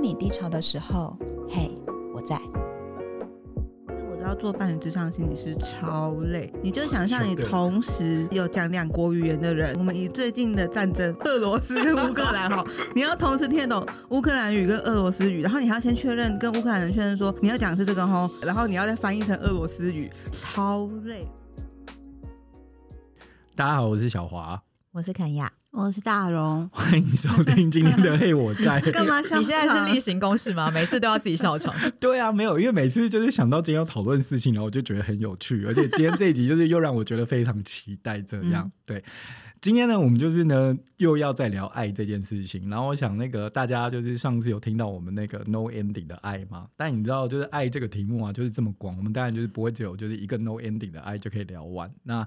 你低潮的時候，嘿、hey，我在。我知道做伴侶之上的心理師超累。你就是想象你同時有講兩國語言的人，我們以最近的戰爭，俄羅斯跟烏克蘭號、烏克蘭，哈，你要同時聽懂烏克蘭語跟俄羅斯語，然後你還要先確認跟烏克蘭人確認說你要講的是這個哈，然後你要再翻譯成俄羅斯語，超累。大家好，我是小華，我是肯亞。我是大容，歡迎收聽今天的、hey《嘿我在》。 幹嘛笑場？你現在是例行公事嗎？每次都要自己笑場？ 對啊，沒有，因為每次就是想到今天要討論事情，然後我就覺得很有趣，而且今天這一集就是又讓我覺得非常期待。這樣 對，今天呢，我們就是呢又要再聊愛這件事情。然後我想，那個大家就是上次有聽到我們那個 No Ending 的愛嗎？但你知道，就是愛這個題目啊，就是這麼廣，我們當然就是不會只有就是一個 No Ending 的愛就可以聊完。那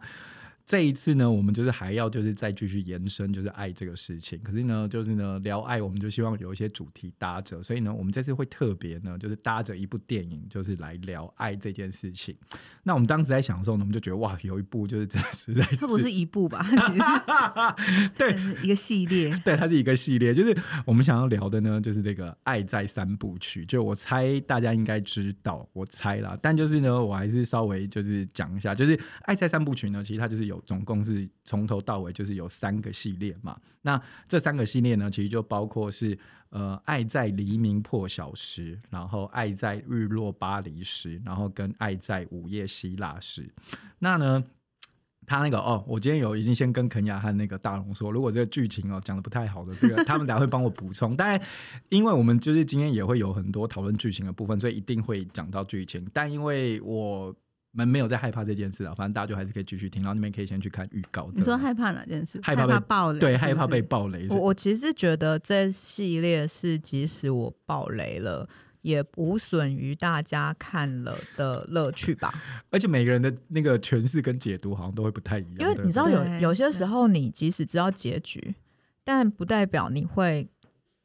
這一次呢，我們就是還要就是再繼續延伸，就是愛這個事情。可是呢，就是呢聊愛，我們就希望有一些主題搭着，所以呢，我們這次會特別呢，就是搭着一部電影，就是來聊愛這件事情。那我們當時在想的時候呢，我們就覺得哇，有一部就是真的實在是，這不是一部吧？其實 對、嗯，一個系列，對，它是一個系列。就是我們想要聊的呢，就是這個《愛在三部曲》。就我猜大家應該知道，我猜啦，但就是呢，我還是稍微就是講一下，就是《愛在三部曲》呢，其實它就是。有總共是從頭到尾就是有三個系列嘛？那這三個系列呢，其實就包括是呃，愛在黎明破曉時，然後愛在日落巴黎時，然後跟愛在午夜希臘時。那呢，他那個哦，我今天有已經先跟肯亞和那個大容說，如果這個劇情哦講得不太好的，這個他們倆會幫我補充。 但因為我們就是今天也會有很多討論劇情的部分，所以一定會講到劇情。但因為我。沒沒有在害怕這件事啊，反正大家就還是可以繼續聽，然後你們可以先去看預告。你說害怕哪件事？害怕爆雷？對，害怕被爆雷。對是是我我其實覺得這系列是，即使我爆雷了，也無損於大家看了的樂趣吧。 而且每個人的那個詮釋跟解讀好像都會不太一樣，因為你知道有，有對有些時候你即使知道結局，對但不代表你會，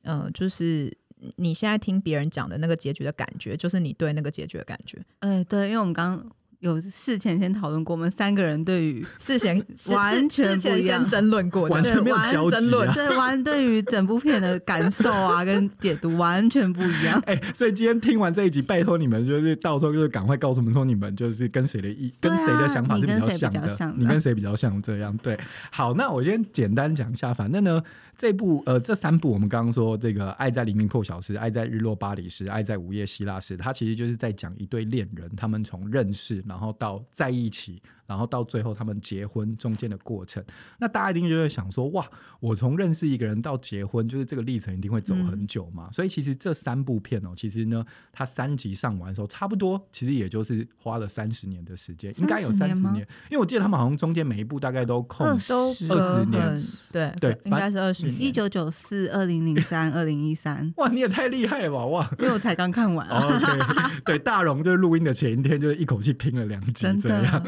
嗯、呃，就是你現在聽別人講的那個結局的感覺，就是你對那個結局的感覺。嗯、呃，對，因為我們剛。有事前先討論過，我們三個人對於事前完全不 事事前先爭論過，完全沒有爭論論。對，完對於整部片的感受啊， 跟解讀完全不一樣。哎、欸，所以今天聽完這一集，拜托你們就是到時候就是趕快告訴我們說，你們就是跟誰的意，啊、跟誰的想法是比較像的，你跟誰比,比較像這樣？對，好，那我先簡單講一下，反正呢。這部呃，這三部我們剛剛說，這個《愛在黎明破曉時》《愛在日落巴黎時》《愛在午夜希臘時》，它其實就是在講一對戀人，他們從認識，然後到在一起。然後到最後他們結婚中間的過程，那大家一定就會想說：哇，我從認識一個人到結婚，就是這個歷程一定會走很久嘛？嗯、所以其實這三部片哦，其實呢，它三集上完的時候，差不多其實也就是花了三十年的時間，應該有三十年。因為我記得他們好像中間每一部大概都空二十,二十年，對對，對應該是二十年。一九九四、二零零三、二零一三。哇，你也太厲害了吧！哇，因為我才剛看完。對、Okay, 對，大容就是錄音的前一天，就是一口氣拼了兩集這樣，真的。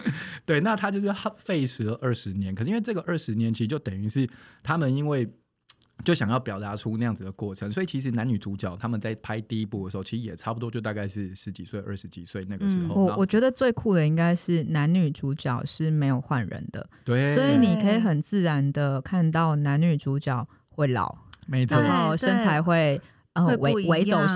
對，那他就是費時了二十年，可是因為這個二十年其實就等於是他們，因為就想要表達出那樣子的過程，所以其實男女主角他們在拍第一部的時候，其實也差不多就大概是十幾歲、二十幾歲那個時候。我、嗯、然後我覺得最酷的應該是男女主角是沒有換人的，對，所以你可以很自然的看到男女主角會老，沒錯錯，然後身材會。呃，維圍走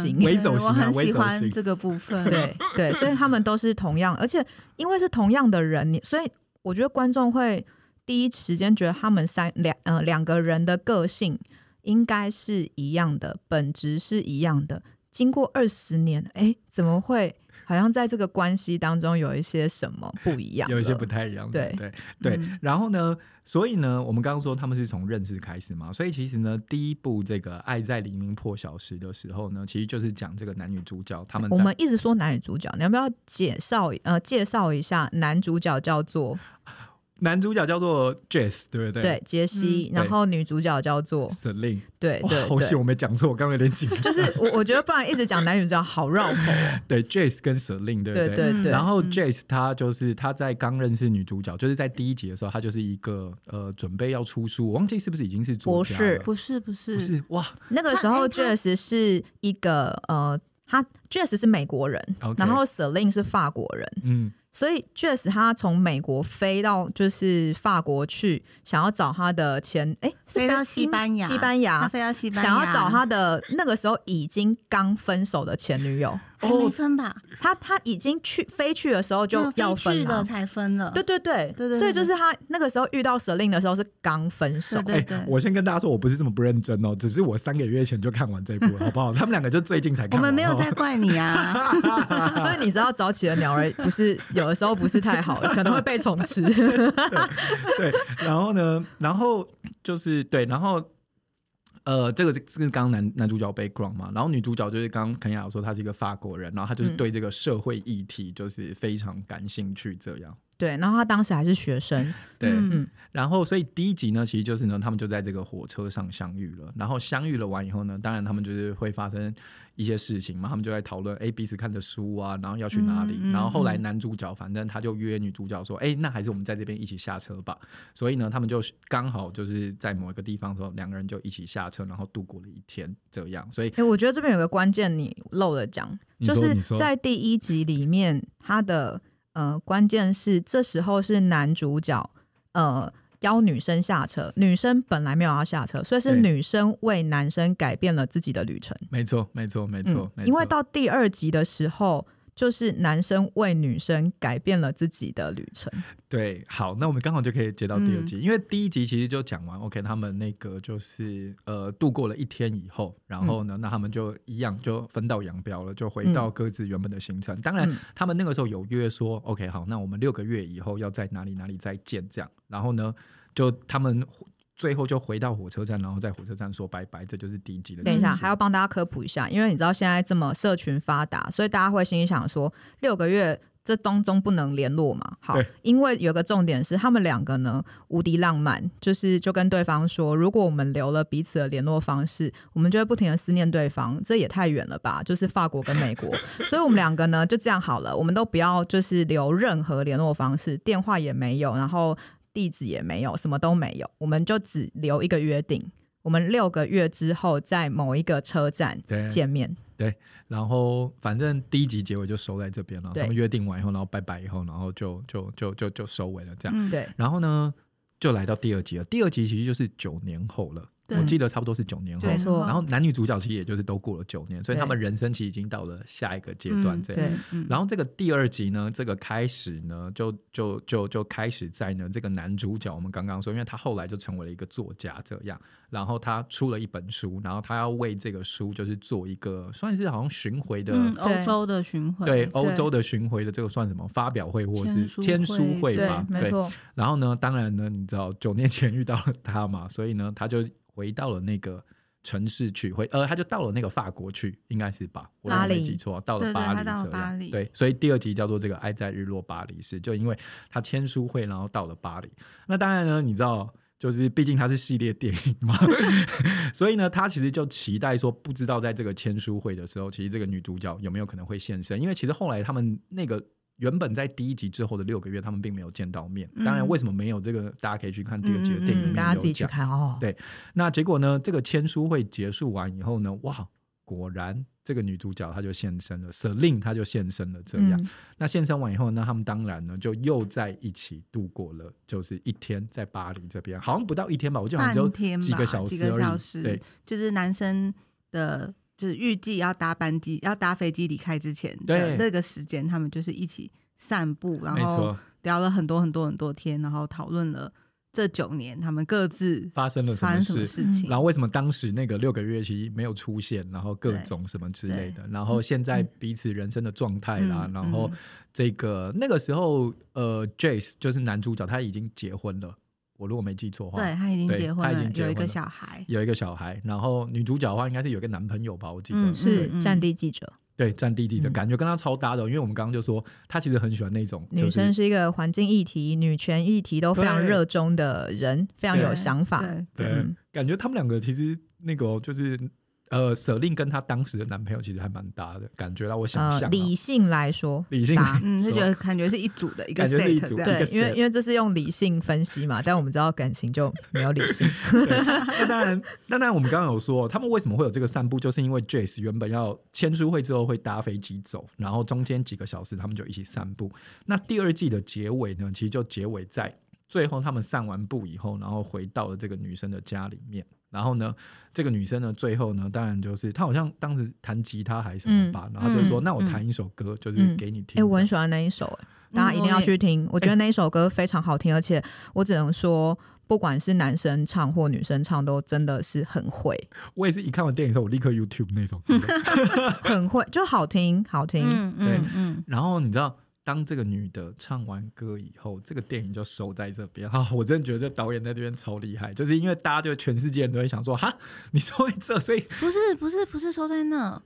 型，我很喜歡這個部分。 對對，所以他們都是同樣，而且因為是同樣的人，所以我覺得觀眾會第一時間覺得他們三兩嗯、呃，兩個人的個性應該是一樣的，本質是一樣的。經過二十年，誒，怎麼會？好像在這個關係當中有一些什麼不一樣，有一些不太一樣的。對對、嗯、對。然後呢，所以呢，我們剛剛說他們是從認識開始嘛，所以其實呢，第一部這個《愛在黎明破曉時》的時候呢，其實就是講這個男女主角他們。我們一直說男女主角，你要不要介紹、呃、介紹呃，介紹一下男主角叫做？男主角叫做 Jesse，對不對？對，傑西。然後女主角叫做 Celine，對對對。好險我沒講錯，我剛剛有點緊張。就是我我覺得不然一直講男女主角好繞口。對，Jesse 跟 Celine，對對對。然後 Jesse 她就是她在剛認識女主角，就是在第一集的時候，她就是一個呃準備要出書，我忘記是不是已經是博士？不是不是不是。哇，那個時候 Jesse 是一個呃，他 Jesse 是美國人，然後 Celine 是法國人，嗯。所以 Jesse 他從美國飛到就是法國去，想要找他的前，哎，欸、飛到西班牙，西班牙，他飛到西班牙，想要找他的那個時候已經剛分手的前女友。哦、還沒分吧？他他已經去飛去的時候就要分了對對對，飛去了才分了。對對對，所以就是他那個時候遇到蛇令的時候是剛分手。對對，我先跟大家說，我不是這麼不認真哦，只是我三個月前就看完這部了，好不好？他們兩個就最近才看。 我們沒有在怪你啊， 所以你知道早起的鳥兒不是有的時候不是太好，可能會被蟲吃 對對。對，然後呢？然後就是對，然後。呃，這個這個是剛剛男男主角 background 嘛？然後女主角就是剛剛肯亞說她是一個法國人，然後她就是對這個社會議題就是非常感興趣這樣。對，然後他當時還是學生。對，嗯、然後所以第一集呢，其實就是呢，他們就在這個火車上相遇了。然後相遇了完以後呢，當然他們就是會發生一些事情嘛。他們就在討論，哎，彼此看的書啊，然後要去哪裡。嗯嗯、然後後來男主角反正他就約女主角說，哎、嗯，那還是我們在這邊一起下車吧。所以呢，他們就剛好就是在某一個地方的時候，兩個人就一起下車，然後度過了一天這樣。所以，哎、欸，我覺得這邊有個關鍵你漏了講，說就是在第一集裡面他的。呃，關鍵是這時候是男主角，呃，邀女生下車，女生本來沒有要下車，所以是女生為男生改變了自己的旅程。沒錯，沒錯，沒錯，嗯，因為到第二集的時候。就是男生為女生改變了自己的旅程。對，好，那我們剛好就可以接到第二集，嗯、因為第一集其實就講完。OK，他們那個就是呃，度過了一天以後，然後呢，嗯、那他們就一樣就分道揚鑣了，就回到各自原本的行程。嗯、當然，他們那個時候有約說，OK，好，那我們六個月以後要在哪裡哪裡再見這樣。然後呢，就他們。最後就回到火車站，然後在火車站說拜拜，這就是第一集了。等一下還要幫大家科普一下，因為你知道現在這麼社群發達，所以大家會心裡想說，六個月這當中不能聯絡嘛？好，對因為有個重點是，他們兩個呢無敵浪漫，就是就跟對方說，如果我們留了彼此的聯絡方式，我們就會不停的思念對方，這也太遠了吧？就是法國跟美國， 所以我們兩個呢就這樣好了，我們都不要就是留任何聯絡方式，電話也沒有，然後。地址也沒有，什麼都沒有，我們就只留一個約定，我們六個月之後在某一個車站見面。對，對，然後反正第一集結尾就收在這邊了，然後約定完以後，然後拜拜以後，然後就就就就就收尾了這樣。嗯，對，然後呢，就來到第二集了。第二集其實就是九年後了。我記得差不多是九年後，沒錯錯。然後男女主角其實也就是都過了九年，嗯、所以他們人生其實已經到了下一個階段、嗯、這樣。對然後這個第二集呢，這個開始呢，就就就就開始在呢這個男主角，我們剛剛說，因為他後來就成為了一個作家這樣，然後他出了一本書，然後他要為這個書就是做一個算是好像巡回的歐、嗯、對洲的巡回，對，歐對洲的巡回的這個算什麼發表會或是簽書會吧？對，對。然後呢，當然呢，你知道九年前遇到了他嘛，所以呢，他就。回到了那個城市去回，回呃，他就到了那個法國去，應該是吧？巴黎，我沒記錯，到了巴黎。對，所以第二集叫做這個《愛在日落巴黎時》，就因為他簽書會，然後到了巴黎。那當然呢，你知道，就是畢竟它是系列電影嘛， 所以呢，他其實就期待說，不知道在這個簽書會的時候，其實這個女主角有沒有可能會現身？因為其實後來他們那個。原本在第一集之後的六個月，他們並沒有見到面。嗯、當然，為什麼沒有這個，大家可以去看第二集的電影、嗯嗯。大家自己去看哦。對，那結果呢？這個簽書會結束完以後呢，哇，果然這個女主角她就現身了，瑟琳、嗯、她就現身了。這樣，嗯、那現身完以後呢，他們當然呢就又在一起度過了，就是一天在巴黎這邊，好像不到一天吧，我覺得好像只有幾個小時而已。對，就是男生的。就是預計要搭班機，要搭飛機離開之前的那個時間，對他們就是一起散步，然後聊了很多很多很多天，然後討論了這九年他們各自發生了什麼事情，事嗯、然後為什麼當時那個六個月期沒有出現，然後各種什麼之類的，對然後現在彼此人生的狀態啦，嗯、然後這個那個時候呃，Jace 就是男主角他已經結婚了。我如果沒記錯的話，對，她已經結婚了，已經結婚了有一個小孩，有一個小孩。然後女主角的話，應該是有一個男朋友吧？我記得、嗯、是戰對地記者，對，戰地記者，嗯、感覺跟他超搭的。因為我們剛剛就說，他其實很喜歡那種、就是、女生，是一個環境議題、女權議題都非常熱衷的人，對對非常有想法。對，感覺他們兩個其實那個就是。呃，Celine 跟她當時的男朋友其實還蠻搭的感覺啦。我想想、呃，理性來說，理性嗯是覺得感覺是一組的一個 set, 感覺是一組的一個 set, 對，因為因為這是用理性分析嘛。 但我們知道感情就沒有理性。那 當然，那當然，我們剛剛有說他們為什麼會有這個散步，就是因為 Jace 原本要簽書會之後會搭飛機走，然後中間幾個小時他們就一起散步。那第二季的結尾呢，其實就結尾在最後他們散完步以後，然後回到了這個女生的家裡面。然後呢，這個女生呢，最後呢，當然就是她好像當時彈吉他還是什麼吧，嗯、然後就說：“嗯、那我彈一首歌，嗯、就是給你聽。”哎，我很喜歡那一首，大家一定要去聽，嗯、我，我覺得那一首歌非常好聽，而且我只能說，誒不管是男生唱或女生唱，都真的是很會。我也是一看完電影之後，我立刻 YouTube 那首歌， 很會，就好聽，好聽，嗯嗯對，然後你知道。當這個女的唱完歌以後，這個電影就收在這邊哈！我真的覺得這導演在這邊超厲害，就是因為大家就全世界人都會想說哈，你收在這，所以不是不是不是收在那，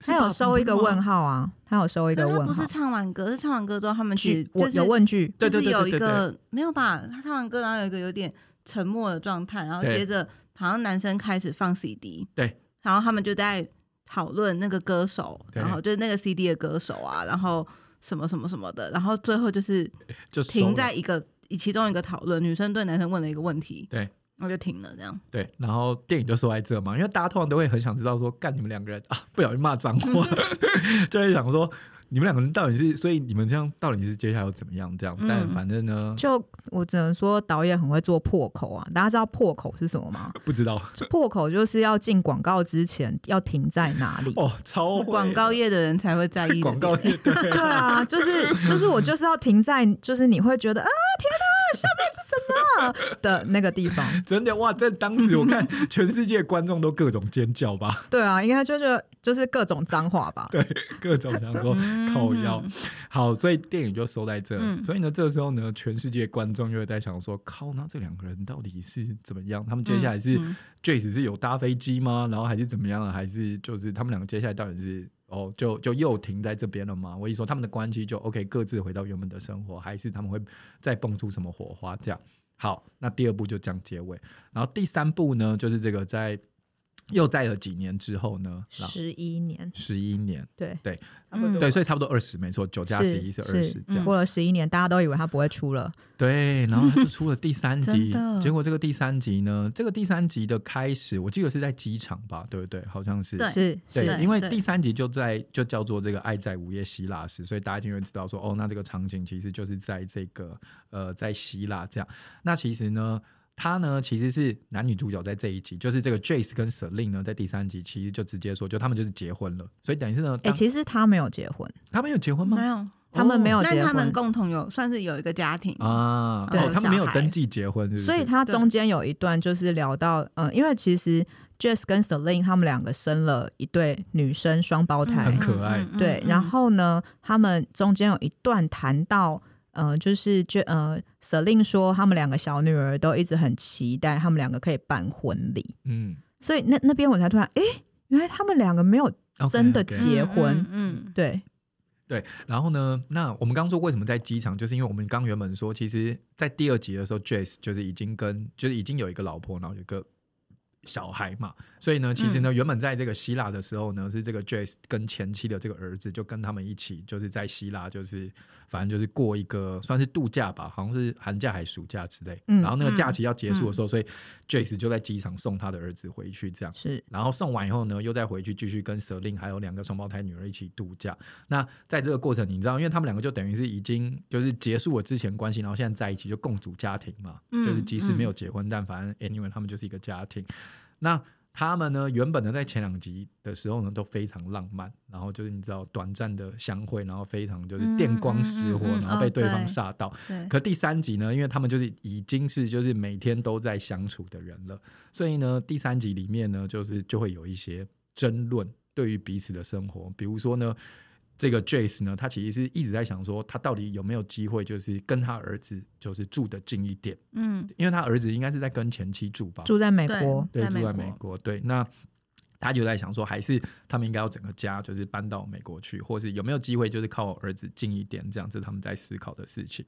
他有收一個問號啊，他有收一個問號。不是唱完歌，是唱完歌之後他們去，就是我有問句，就是有一個沒有吧？他唱完歌然後有一個有點沉默的狀態，然後接着好像男生開始放 CD，對，然後他們就在討論那個歌手，對然後就是那個 CD 的歌手啊，然後。什麼什麼什麼的，然後最後就是就停在一個以其中一個討論，女生對男生問了一個問題，對，然後就停了這樣，對，然後電影就說在這嘛，因為大家通常都會很想知道說，幹你們兩個人啊，不小心罵髒話， 就會想說。你們兩個人到底是，所以你們這樣到底是接下來要怎麼樣？這樣，嗯、但反正呢，就我只能說導演很會做破口啊！大家知道破口是什麼嗎？不知道，破口就是要進廣告之前要停在哪裡哦，超廣告業的人才會在意廣告業，對啊， 就是就是我就是要停在就是你會覺得啊天哪，下面是什麼的那個地方，真的哇！在當時我看全世界觀眾都各種尖叫吧， 對啊，應該就覺得。就是各種髒話吧。 對，各種想說靠腰。嗯嗯、好，所以電影就收在這。嗯、所以呢，這個時候呢，全世界觀眾又在想說，靠，那這兩個人到底是怎麼樣？他們接下來是 Jesse，嗯嗯、是有搭飛機嗎？然後還是怎麼樣？還是就是他們兩個接下來到底是哦，就就又停在這邊了嗎？我意思說，他們的關係就 OK，各自回到原本的生活，還是他們會再蹦出什麼火花？這樣。好，那第二部就講結尾。然後第三部呢，就是這個在。又在了幾年之後呢？十一年，十一年，對對，對，對，所以差不多二十，沒錯，九加十一是二十這樣，嗯。過了十一年，大家都以為它不會出了，對，然後它就出了第三集。 的結果這個第三集呢，這個第三集的開始，我記得是在機場吧，對不對？好像是，對對是對，因為第三集就在就叫做這個愛在午夜希臘時，所以大家就會知道說，哦，那這個場景其實就是在這個呃，在希臘這樣。那其實呢？他呢，其實是男女主角在這一集，就是這個 Jace 跟 Celine 呢，在第三集其實就直接說，就他們就是結婚了。所以等於是呢，哎、欸，其實他沒有結婚，他沒有結婚嗎？沒有，他們沒有結婚，但他們共同有算是有一個家庭啊。他們沒有登記結婚是不是，所以他中間有一段就是聊到，嗯，因為其實 Jace 跟 Celine 他們兩個生了一對女生雙胞胎，很可愛。對，然後呢，他們中間有一段談到。呃，就是就呃，Celine 說他們兩個小女兒都一直很期待他們兩個可以辦婚禮，嗯，所以那那邊我才突然，哎、欸，原來他們兩個沒有真的結婚，okay, okay. 對嗯，對、嗯，嗯、對。然後呢，那我們剛說為什麼在機場，就是因為我們剛原本說，其實，在第二集的時候，Jesse 就是已經跟，就是已經有一個老婆，然後有一個小孩嘛，所以呢，其實呢，嗯、原本在這個希臘的時候呢，是這個 Jesse 跟前妻的這個兒子就跟他們一起，就是在希臘，就是。反正就是過一個算是度假吧，好像是寒假還是暑假之類。嗯、然後那個假期要結束的時候，嗯、所以 Jace 就在機場送他的兒子回去，這樣。是，然後送完以後呢，又再回去繼續跟 Celine 還有兩個雙胞胎女兒一起度假。那在這個過程，你知道，因為他們兩個就等於是已經就是結束了之前關係，然後現在在一起就共組家庭嘛。嗯、就是即使沒有結婚，嗯、但反正 Anyway 他們就是一個家庭。那他們呢，原本呢，在前兩集的時候呢，都非常浪漫，然後就是你知道短暫的相會，然後非常就是電光石火、嗯嗯嗯嗯，然後被對方煞到。哦、對、可第三集呢，因為他們就是已經是就是每天都在相處的人了，所以呢，第三集裡面呢，就是就會有一些爭論，對於彼此的生活，比如說呢。這個 Jace 呢，他其實是一直在想說，他到底有沒有機會，就是跟他兒子就是住得近一點，嗯，因為他兒子應該是在跟前妻住吧，住在美國，對，住在美國，對，那。他就在想說，還是他們應該要整個家，就是搬到美國去，或是有沒有機會，就是靠兒子近一點這樣子，是他們在思考的事情。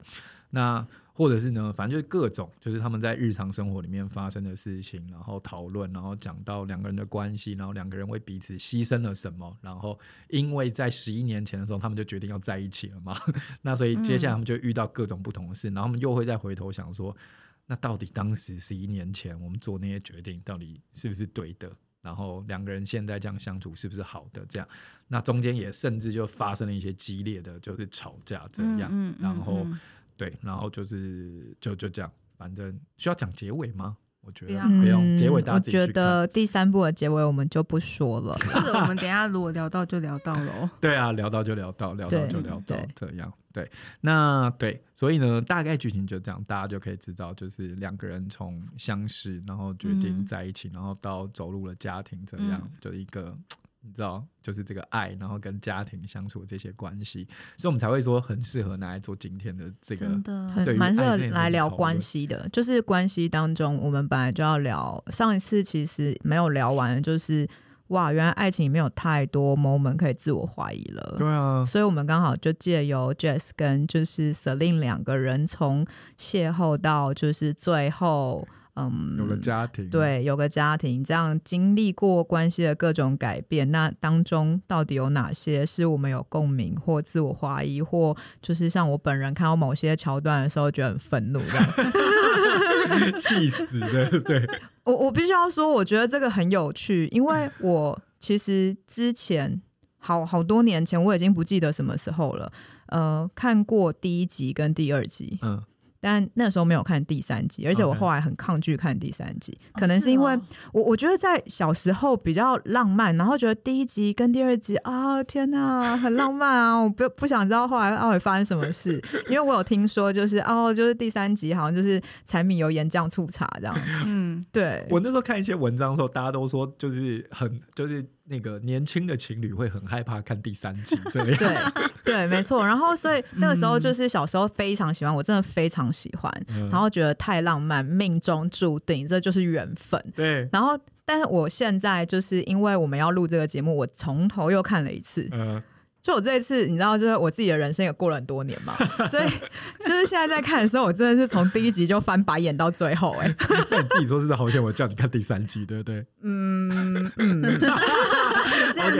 那或者是呢，反正就是各種，就是他們在日常生活裡面發生的事情，然後討論，然後講到兩個人的關係，然後兩個人為彼此犧牲了什麼，然後因為在十一年前的時候，他們就決定要在一起了嘛， 那所以接下來他們就遇到各種不同的事，然後他們又會再回頭想說，那到底當時十一年前我們做那些決定，到底是不是對的？然後兩個人現在這樣相處是不是好的？這樣，那中間也甚至就發生了一些激烈的，就是吵架這樣。嗯嗯嗯、然後，對，然後就是就就這樣，反正需要講結尾嗎？我覺得不用結尾大，嗯，我覺得第三部的結尾我們就不說了。或 是我們等一下如果聊到就聊到嘍。 對啊，聊到就聊到，聊到就聊到對這樣。對，那對，所以呢，大概劇情就這樣，大家就可以知道，就是兩個人從相識，然後決定在一起，嗯，然後到走入了家庭，這樣，嗯，就一個。你知道，就是這個愛，然後跟家庭相處的這些關係，所以我們才會說很適合拿來做今天的這個，真的對，蠻適合來聊關係的。 就是關係當中，我們本來就要聊，上一次其實沒有聊完，就是哇，原來愛情裡面有太多 moment 可以自我懷疑了。對啊，所以我們剛好就借由 Jess 跟就是 Celine 兩個人從邂逅到就是最後。嗯，有了家庭，對，有個家庭，這樣經歷過關係的各種改變，那當中到底有哪些是我們有共鳴，或自我懷疑，或就是像我本人看到某些橋段的時候，覺得很憤怒，這樣 氣死的，對。我我必須要說，我覺得這個很有趣，因為我其實之前好好多年前，我已經不記得什麼時候了，呃，看過第一集跟第二集，嗯。但那時候沒有看第三集，而且我後來很抗拒看第三集，Okay. 可能是因為我我覺得在小時候比較浪漫，然後覺得第一集跟第二集啊、哦，天吶、啊，很浪漫啊， 我不不想知道後來到底、哦、發生什麼事，因為我有聽說就是哦，就是第三集好像就是柴米油鹽醬醋茶這樣，嗯，對。我那時候看一些文章的時候，大家都說就是很就是。那個年輕的情侶會很害怕看第三集，這樣 對對，沒錯。然後所以那個時候就是小時候非常喜歡，我真的非常喜歡，嗯、然後覺得太浪漫，命中注定這就是緣分。對。然後，但是我現在就是因為我們要錄這個節目，我從頭又看了一次。嗯、呃。就我這一次，你知道，就是我自己的人生也過了很多年嘛， 所以就是現在在看的時候，我真的是從第一集就翻白眼到最後、欸，哎。那你自己說是不是好險我叫你看第三集，對不對？嗯。嗯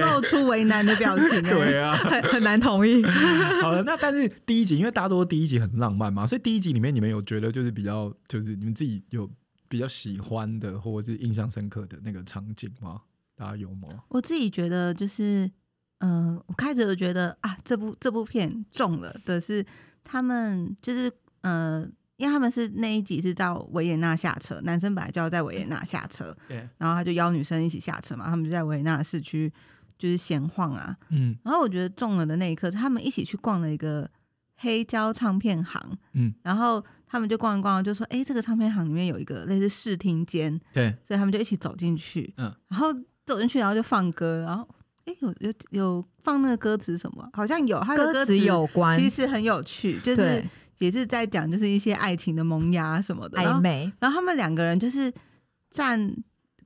露出為難的表情、欸， 對啊很，很難同意。 好了，那但是第一集，因為大家都第一集很浪漫嘛，所以第一集裡面你們有覺得就是比較就是你們自己有比較喜歡的或者是印象深刻的那個場景嗎？大家有嗎？我自己覺得就是，嗯、呃，我開始覺得啊，這部這部片中了的是他們，就是，呃，因為他們是那一集是到維也納下車，男生本來就要在維也納下車，對，Yeah. 然後他就邀女生一起下車嘛，他們就在維也納市區。就是閒晃啊，嗯，然後我覺得中了的那一刻，他們一起去逛了一個黑膠唱片行，嗯，然後他們就逛一逛就說，哎、欸，這個唱片行裡面有一個類似試聽間，對，所以他們就一起走進去，嗯，然後走進去，然後就放歌，然後，哎、欸，有有有放那個歌詞什麼、啊，好像有，他的歌詞有關，其實很有趣，就是也是在講就是一些愛情的萌芽什麼的對後曖昧，然後他們兩個人就是站。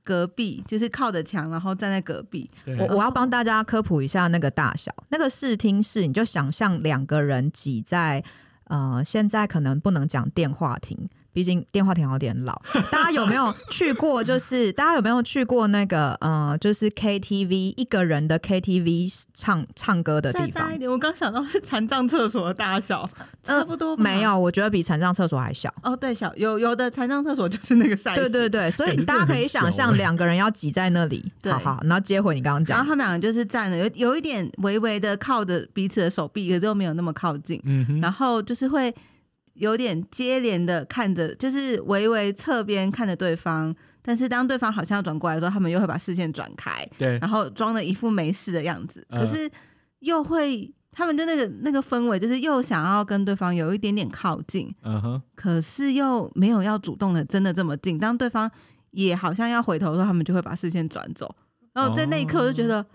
隔壁就是靠着牆，然後站在隔壁。對對對我我要幫大家科普一下那個大小，那個視聽室，你就想象兩個人擠在，呃，現在可能不能講電話亭。畢竟電話亭有點老，大家有沒有去過？就是 大家有沒有去過那個呃，就是 KTV 一個人的 KTV 唱唱歌的地方？再大一點，我剛想到是殘障廁所的大小，差不多、呃、沒有。我覺得比殘障廁所還小。哦，對，小有有的殘障廁所就是那個 size。對對對，所以大家可以想象兩個人要擠在那裡。欸、好好，然後接回你剛剛講。然後他們兩個就是站著有有一點微微的靠着彼此的手臂，可是又沒有那麼靠近。嗯、哼然後就是會。有點接連的看着，就是微微側邊看着對方，但是當對方好像要轉過來的時候，他們又會把視線轉開，對，然後裝的一副沒事的樣子，呃、可是又會，他們就那個那個氛圍，就是又想要跟對方有一點點靠近，嗯哼，可是又沒有要主動的真的這麼近，當對方也好像要回頭的時候，他們就會把視線轉走，然後在那一刻我就覺得、哦、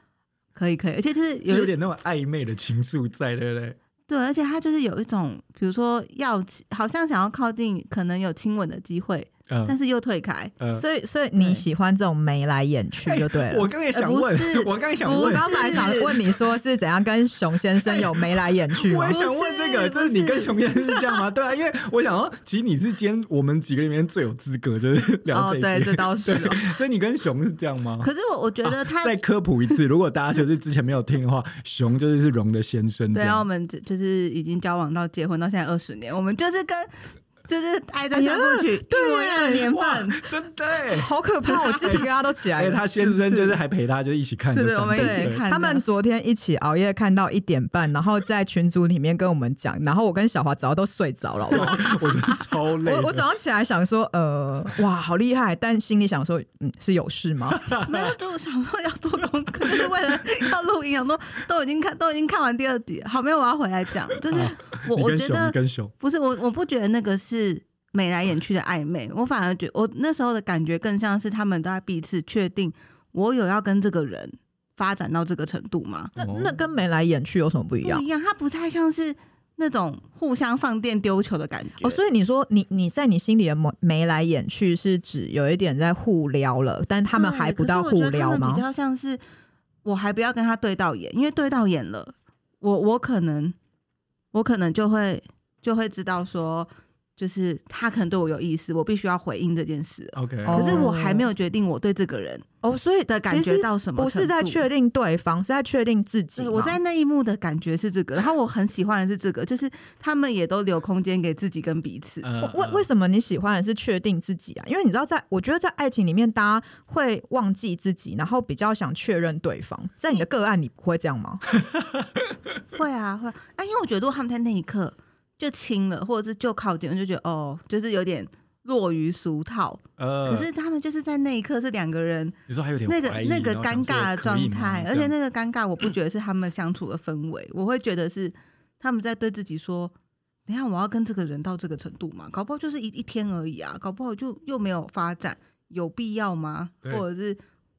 可以可以，而且就是有，有點那種曖昧的情愫在，對不對？對，而且他就是有一種，比如說要好像想要靠近，可能有親吻的機會。但是又退開，所以所以你喜歡這種眉來眼去就對了。我剛也想問，我剛想，我剛才想問你說是怎樣跟熊先生有眉來眼去嗎？我也想問這個，就是你跟熊先生是這樣嗎？對啊，因為我想說，其實你是今天我們幾個裡面最有資格，就是聊這些。對，這倒是。所以你跟熊是這樣嗎？可是我我覺得他再科普一次，如果大家就是之前沒有聽的話，熊就是是容的先生。對啊，我們就是已經交往到結婚到現在二十年，我們就是跟。就是挨着看過去，對，我演了年半，真的好可怕。我雞皮疙瘩都起來了。哎哎、他先生就是還陪他，就一起看。對，我們一起看對。對他們昨天一起熬夜看到一點半，然後在群組裡面跟我們講。然後我跟小華早都睡着了好好。我覺得超累。我我早上起來想說，呃，哇，好厲害！但心裡想說，嗯，是有事嗎？ 沒有，就想說要做功課，就是為了要錄影。都都已經看，都已經看完第二集。好，沒有，我要回來講，就是我、啊、我覺得，跟熊不是我，我不覺得那個是。是眉來眼去的曖昧，我反而覺得我那時候的感覺更像是他們都在彼此確定，我有要跟這個人發展到這個程度嗎？那那跟眉來眼去有什麼不一樣？不一樣，它不太像是那種互相放電丟球的感覺。哦，所以你說你你在你心裡的眉眉來眼去是指有一點在互撩了，但他們還不到互撩嗎？嗯、我比較像是我還不要跟他對到眼，因為對到眼了，我我可能我可能就會就會知道說。就是他可能對我有意思，我必須要回應這件事。OK，可是我還沒有決定我對這個人哦，所以的感覺到什麼？哦、不是在確定對方，是在確定自己。我在那一幕的感覺是這個，然後我很喜歡的是這個，就是他們也都留空間給自己跟彼此。為、嗯嗯、為什麼你喜歡的是確定自己啊？因為你知道在，在我覺得在愛情裡面，大家會忘記自己，然後比較想確認對方。在你的個案，你不會這樣嗎？嗯、 會啊，會。哎、啊，因為我覺得他們在那一刻。就親了，或者是就靠近，我就覺得哦，就是有點落於俗套。呃、可是他們就是在那一刻是兩個人，那個。你說還有點那個那個尷尬的狀態，而且那個尷尬我不覺得是他們相處的氛圍，樣我會覺得是他們在對自己說，等下我要跟這個人到這個程度嘛，搞不好就是一一天而已啊，搞不好就又沒有發展，有必要嗎？對或者是？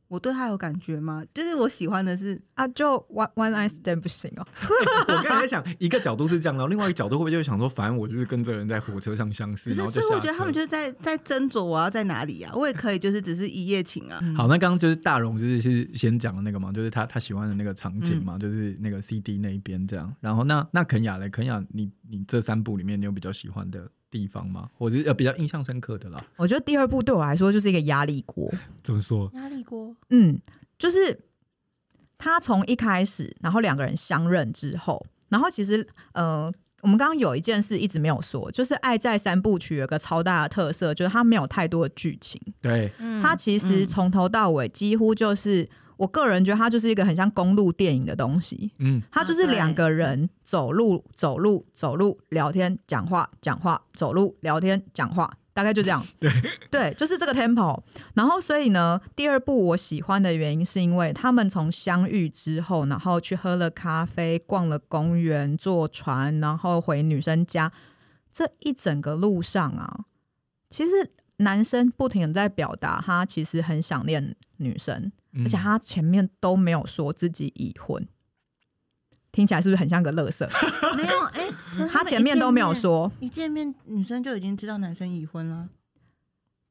我對他有感覺嗎？就是我喜歡的是啊，就 One One Night Stand 不行哦、 欸。我剛才在想一個角度是這樣的，然後另外一個角度會不會就是想說，反正我就是跟這個人，在火車上相識。然後，就是，我覺得他們就是在在斟酌，我要在哪裡啊，我也可以就是只是一夜情啊。 嗯、好，那剛剛就是大容，就是是先講的那個嘛，就是他他喜歡的那個場景嘛，嗯、就是那個 C D 那一邊這樣。然後那那肯亞嘞，肯亞你，你你這三部裡面，你有比較喜歡的地方嗎？我覺得比較印象深刻的啦。我覺得第二部對我來說就是一個壓力鍋。怎麼說？壓力鍋？嗯，就是他從一開始，然後兩個人相認之後，然後其實呃，我們剛剛有一件事一直沒有說，就是《愛在三部曲》有一個超大的特色，就是他沒有太多的劇情。對，嗯，他其實從頭到尾幾乎就是。我個人覺得它就是一個很像公路電影的東西，嗯，它就是兩個人走路、啊、走路、走路，聊天、講話、講話，走路、聊天、講話，大概就這樣。對，對，就是這個 tempo。然後，所以呢，第二部我喜歡的原因是因為他們從相遇之後，然後去喝了咖啡、逛了公園、坐船，然後回女生家這一整個路上啊，其實男生不停地在表達他其實很想念女生。而且他前面都沒有說自己已婚，嗯、聽起來是不是很像個樂色？沒有，哎、欸，他前面都沒有說一。一見面女生就已經知道男生已婚了。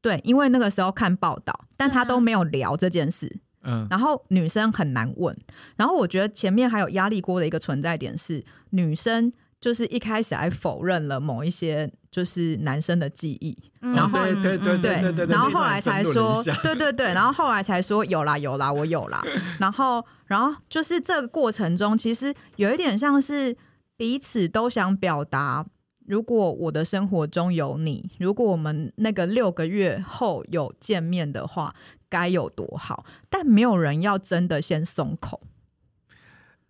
對，因為那個時候看報道，但他都沒有聊這件事。嗯、啊，然後女生很難問。然後我覺得前面還有壓力鍋的一個存在點是女生。就是一開始還否認了某一些就是男生的記憶，嗯、然後、嗯、對對對然後後來才說對對對，然後後來才說有啦有啦我有啦， 然後然後就是這個過程中其實有一點像是彼此都想表達，如果我的生活中有你，如果我們那個六個月後有見面的話，該有多好，但沒有人要真的先鬆口。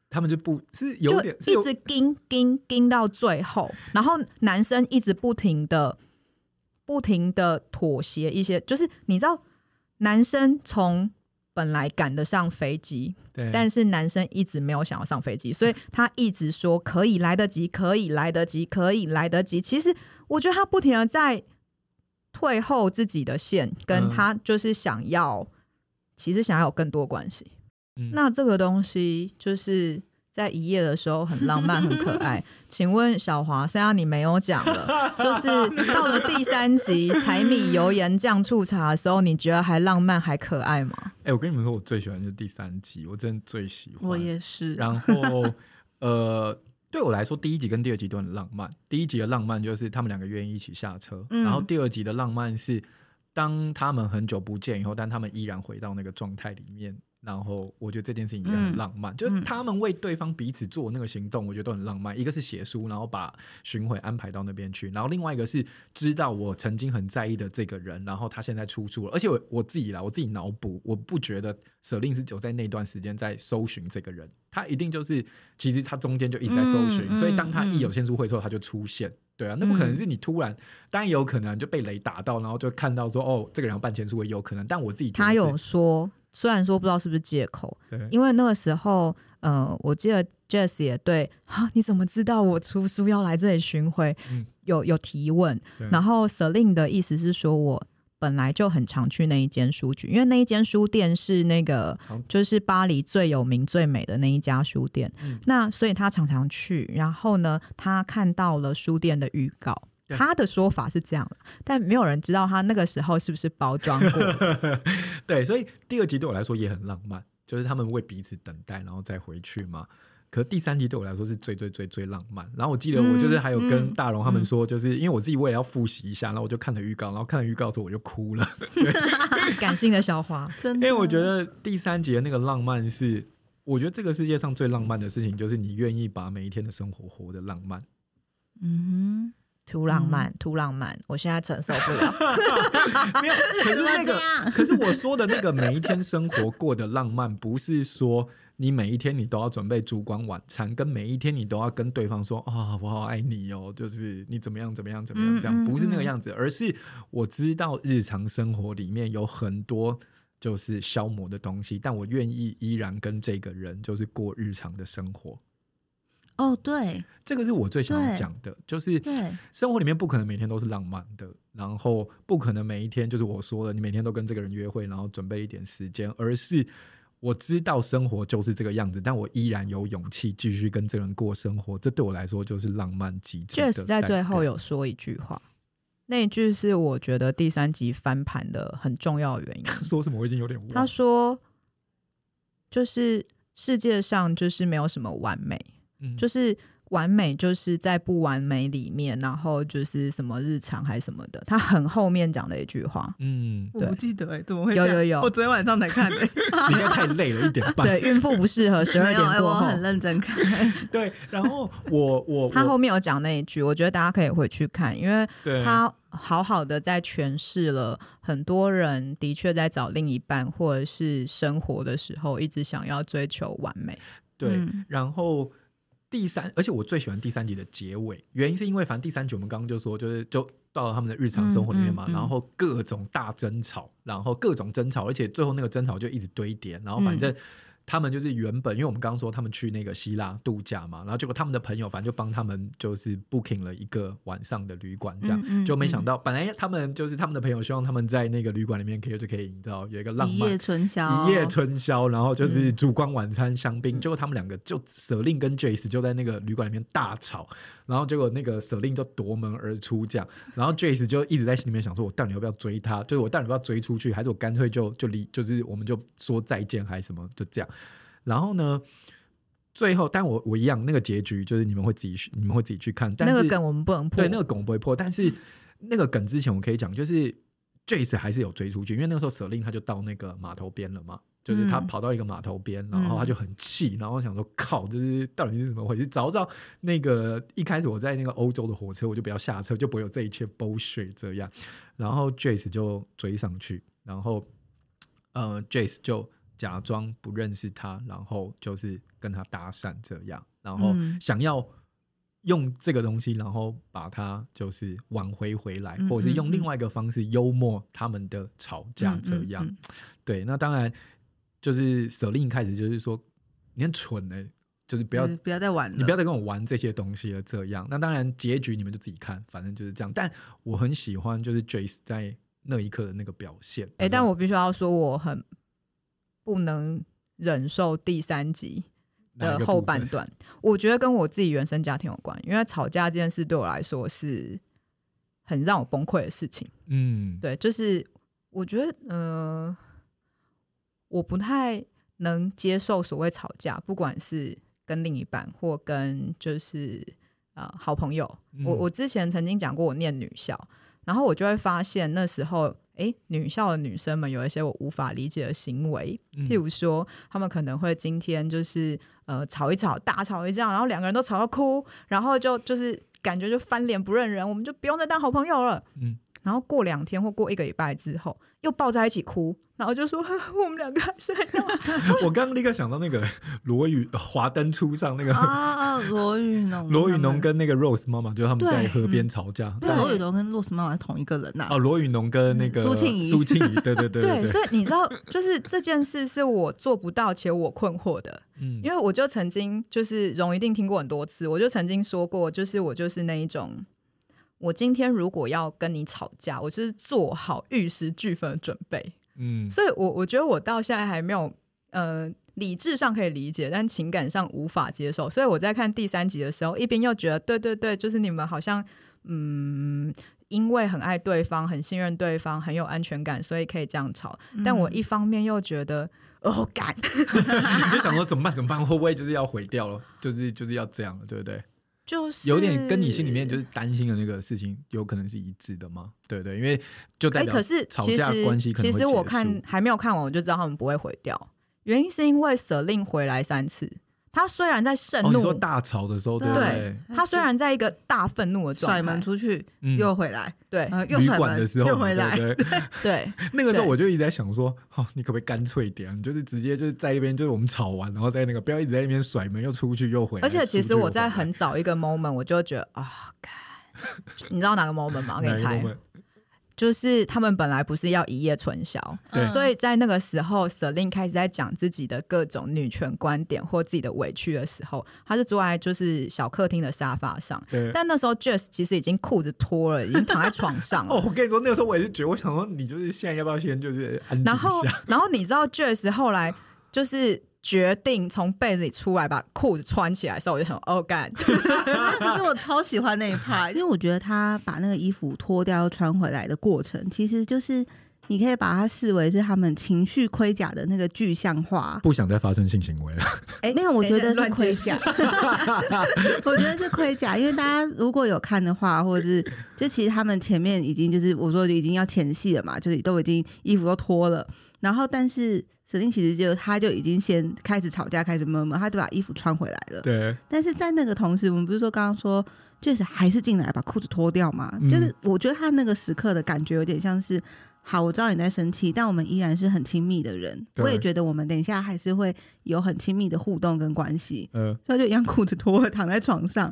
他們就不，是有點，一直盯盯盯到最後， 然後男生一直不停的不停的妥協一些，就是你知道，男生從本來趕得上飛機，對，但是男生一直沒有想要上飛機，所以他一直說可以來得及，可以來得及，可以來得及。其實我覺得他不停的在退後自己的線，跟他就是想要，嗯、其實想要有更多關係。嗯、那這個東西就是在一夜的時候很浪漫很可愛。 請問小華，現在你沒有講了，就是到了第三集“柴米油鹽醬醋茶”的時候，你覺得還浪漫還可愛嗎？哎、欸，我跟你們說，我最喜歡的就是第三集，我真的最喜歡。我也是。然後， 呃，對我來說，第一集跟第二集都很浪漫。第一集的浪漫就是他們兩個願意一起下車，嗯、然後第二集的浪漫是當他們很久不見以後，但他們依然回到那個狀態裡面。然後我覺得這件事情應該很浪漫，嗯、就是他們為對方彼此做那個行動，我覺得都很浪漫。嗯、一個是寫書，然後把巡迴安排到那邊去；然後另外一個是知道我曾經很在意的這個人，然後他現在出書了。而且我我自己來，我自己腦補，我不覺得 Céline 是就在那段時間在搜尋這個人，他一定就是其實他中間就一直在搜尋，嗯嗯、所以當他一有簽書會之後，他就出現。對啊，那不可能是你突然，嗯、當然有可能就被雷打到，然後就看到說哦，這個人要辦簽書會有可能。但我自己，自己他有說。雖然說不知道是不是借口，嗯、因為那個時候，嗯、呃，我記得 Jesse 也對哈、啊，你怎麼知道我出書要來這裡巡迴？嗯、有有提問，對然後 Celine 的意思是說，我本來就很常去那一間書局，因為那一間書店是那個好就是巴黎最有名最美的那一家書店，嗯、那所以他常常去，然後呢，他看到了書店的預告。對他的說法是這樣，但沒有人知道他那個時候是不是包裝過。 對，所以第二集對我來說也很浪漫，就是他們為彼此等待，然後再回去嘛。可是第三集對我來說是最最最最浪漫。然後我記得我就是還有跟大容他們說，就是因為我自己為了要複習一下，嗯嗯、然後我就看了預告，然後看了預告之後我就哭了，對 感性的小華。 真的，因為我覺得第三集的那個浪漫是，我覺得這個世界上最浪漫的事情就是你願意把每一天的生活活得浪漫。嗯。too 浪漫，too、嗯、浪漫，我現在承受不了。 沒有，可是那個，是那個啊，可是我說的那個，每一天生活過得浪漫，不是說你每一天你都要準備燭光晚餐，跟每一天你都要跟對方說啊，哦，我好愛你哦，就是你怎麼樣，怎麼樣，怎麼樣，這樣不是那個樣子，嗯嗯嗯，而是我知道日常生活裡面有很多就是消磨的東西，但我願意依然跟這個人就是過日常的生活。哦，oh, 對，這個是我最想要講的，對就是生活裡面不可能每天都是浪漫的，對然後不可能每一天就是我說的，你每天都跟這個人約會，然後準備一點時間，而是我知道生活就是這個樣子，但我依然有勇氣繼續跟這個人過生活，這對我來說就是浪漫極致的。Jesse 在最後有說一句話，嗯、那一句是我覺得第三集翻盤的很重要原因。 說什麼我已經有點忘。他說，就是世界上就是沒有什麼完美。就是完美，就是在不完美裡面，然後就是什麼日常還是什麼的。他很後面講的一句話，嗯，對我不記得哎、欸，怎麼會？有有有，我昨天晚上才看的、欸。今天 太累了一點半， 對，孕婦不適合十二點多、欸，我很認真看、欸， 對。然後我我他後面有講那一句，我覺得大家可以回去看，因為他好好的在詮釋了很多人的確在找另一半或者是生活的時候，一直想要追求完美。對，嗯、然後。第三，而且我最喜歡第三集的結尾，原因是因為反正第三集我們剛剛就說，就是就到了他們的日常生活裡面嘛，嗯嗯嗯、然後各種大爭吵，然後各種爭吵，而且最後那個爭吵就一直堆疊，然後反正、嗯。他們就是原本，因為我們剛剛說他們去那個希臘度假嘛，然後結果他們的朋友反正就幫他們就是 booking 了一個晚上的旅館，這樣，嗯嗯、就沒想到，本來他們就是他們的朋友希望他們在那個旅館裡面可以就可以營造有一個浪漫一夜春宵一夜春宵，然後就是燭光晚餐香檳、香檳、嗯，結果他們兩個就 Celine 跟 Jace 就在那個旅館裡面大吵。然後結果那個 Celine 就奪門而出，這樣。然後 Jace 就一直在心裡面想說：“我到底要不要追他？就是我到底要不要追出去？還是我乾脆就就離，就是我們就說再見還是什麼？就這樣。”然後呢，最後，但我我一樣，那個結局就是你們會自己你們會自己去看。但是那個梗我們不能破，對，那個梗我不會破。但是那個梗之前我可以講，就是 Jace 還是有追出去，因為那個時候 Celine 他就到那個碼頭邊了嘛。就是他跑到一個碼頭邊，嗯、然後他就很氣，嗯、然後想說靠，這是到底是什麼回事？早知道那個一開始我在那個歐洲的火車，我就不要下車，就不會有這一切 bullshit 這樣。然後 Jace 就追上去，然後呃，Jace 就假裝不認識他，然後就是跟他搭訕這樣，然後想要用這個東西，然後把他就是挽回回來，嗯、或者是用另外一個方式幽默他們的吵架這樣。嗯嗯嗯、對，那當然。就是 Celine 開始就是說，你很蠢呢、欸，就是不要、嗯、不要再玩了，你不要再跟我玩這些東西了。這樣，那當然結局你們就自己看，反正就是這樣。但我很喜歡就是 Jace 在那一刻的那個表現。欸啊、但我必須要說，我很不能忍受第三集的後半段。我覺得跟我自己原生家庭有關，因為吵架這件事對我來說是很讓我崩潰的事情。嗯，對，就是我覺得，呃。我不太能接受所謂吵架，不管是跟另一半或跟就是呃好朋友。我我之前曾經講過，我念女校，然後我就會發現那時候，誒、欸、女校的女生們有一些我無法理解的行為，譬如說，她們可能會今天就是呃吵一吵，大吵一架，然後兩個人都吵到哭，然後就就是感覺就翻臉不認人，我們就不用再當好朋友了。嗯，然後過兩天或過一個禮拜之後，又抱在一起哭。然後就說呵呵，我們兩個還是在用。 我剛剛立刻想到那個羅雨華燈初上那個羅、啊、雨儂羅雨儂跟那個 Rose 媽媽，就是他們在河邊吵架。對羅對對雨儂跟 Rose 媽媽是同一個人吶、啊？羅、啊、雨儂跟那個蘇慶儀，蘇慶儀，對對對對，對， 對。所以你知道，就是這件事是我做不到，且我困惑的。嗯， 因為我就曾經就是容一定聽過很多次，我就曾經說過，就是我就是那一種，我今天如果要跟你吵架，我就是做好玉石俱焚的準備。嗯，所以我，我我覺得我到現在還沒有，呃，理智上可以理解，但情感上無法接受。所以我在看第三集的時候，一邊又覺得，對對對，就是你們好像，嗯，因為很愛對方，很信任對方，很有安全感，所以可以這樣吵。但我一方面又覺得，哦，幹，你就想說怎麼辦？怎麼辦？會不會就是要毀掉了？就是就是要這樣了，對不對？就是有點跟你心裡面就是擔心的那個事情有可能是一致的嗎？對對，對，因為就代表吵架關係可能、欸、可是其實、其實我看還沒有看完，我就知道他們不會毀掉，原因是因為席琳回來三次。他雖然在盛怒，哦、說大吵的時候對，不對，對。他雖然在一個大憤怒的狀態，甩門出去、嗯、又回來，對，呃、旅館的時候又回來，對，對。對 那個時候我就一直在想說，對哦，你可不可以乾脆一點？你就是直接就是在那邊，就是我們吵完，然後在那個不要一直在那邊甩門，又出去又回來。而且其實我在很早一個 moment 我就覺得啊， 哦、God, 你知道哪個 moment 嗎？我給你猜。就是他們本來不是要一夜春宵，對所以在那個時候，Céline 開始在講自己的各種女權觀點或自己的委屈的時候，她是坐在就是小客廳的沙發上。對但那時候 Jesse 其實已經褲子脫了，已經躺在床上了。 哦，我跟你說，那個時候我也是覺得，我想說，你就是現在要不要先就是安靜一下？然後，然後你知道 Jesse 後來就是。決定從被子裡出來把褲子穿起來的時候，我就很哦，幹。可是我超喜歡那一趴， 因為我覺得他把那個衣服脫掉又穿回來的過程，其實就是你可以把它視為是他們情緒盔甲的那個具象化。不想再發生性行為了。欸，哎， 沒有，我覺得是盔甲。 我覺得是盔甲，因為大家如果有看的話，或者是就其實他們前面已經就是我說就已經要前戲了嘛，就是都已經衣服都脫了，然後但是。指定，其實就，他就已經先開始吵架，開始悶悶，他就把衣服穿回來了。對。但是在那個同時，我們不是說剛剛說，就是還是進來把褲子脫掉嘛？嗯、就是我覺得他那個時刻的感覺有點像是，好，我知道你在生氣，但我們依然是很親密的人。對我也覺得我們等一下還是會有很親密的互動跟關係。嗯、呃。所以就一樣褲子脫了，躺在床上，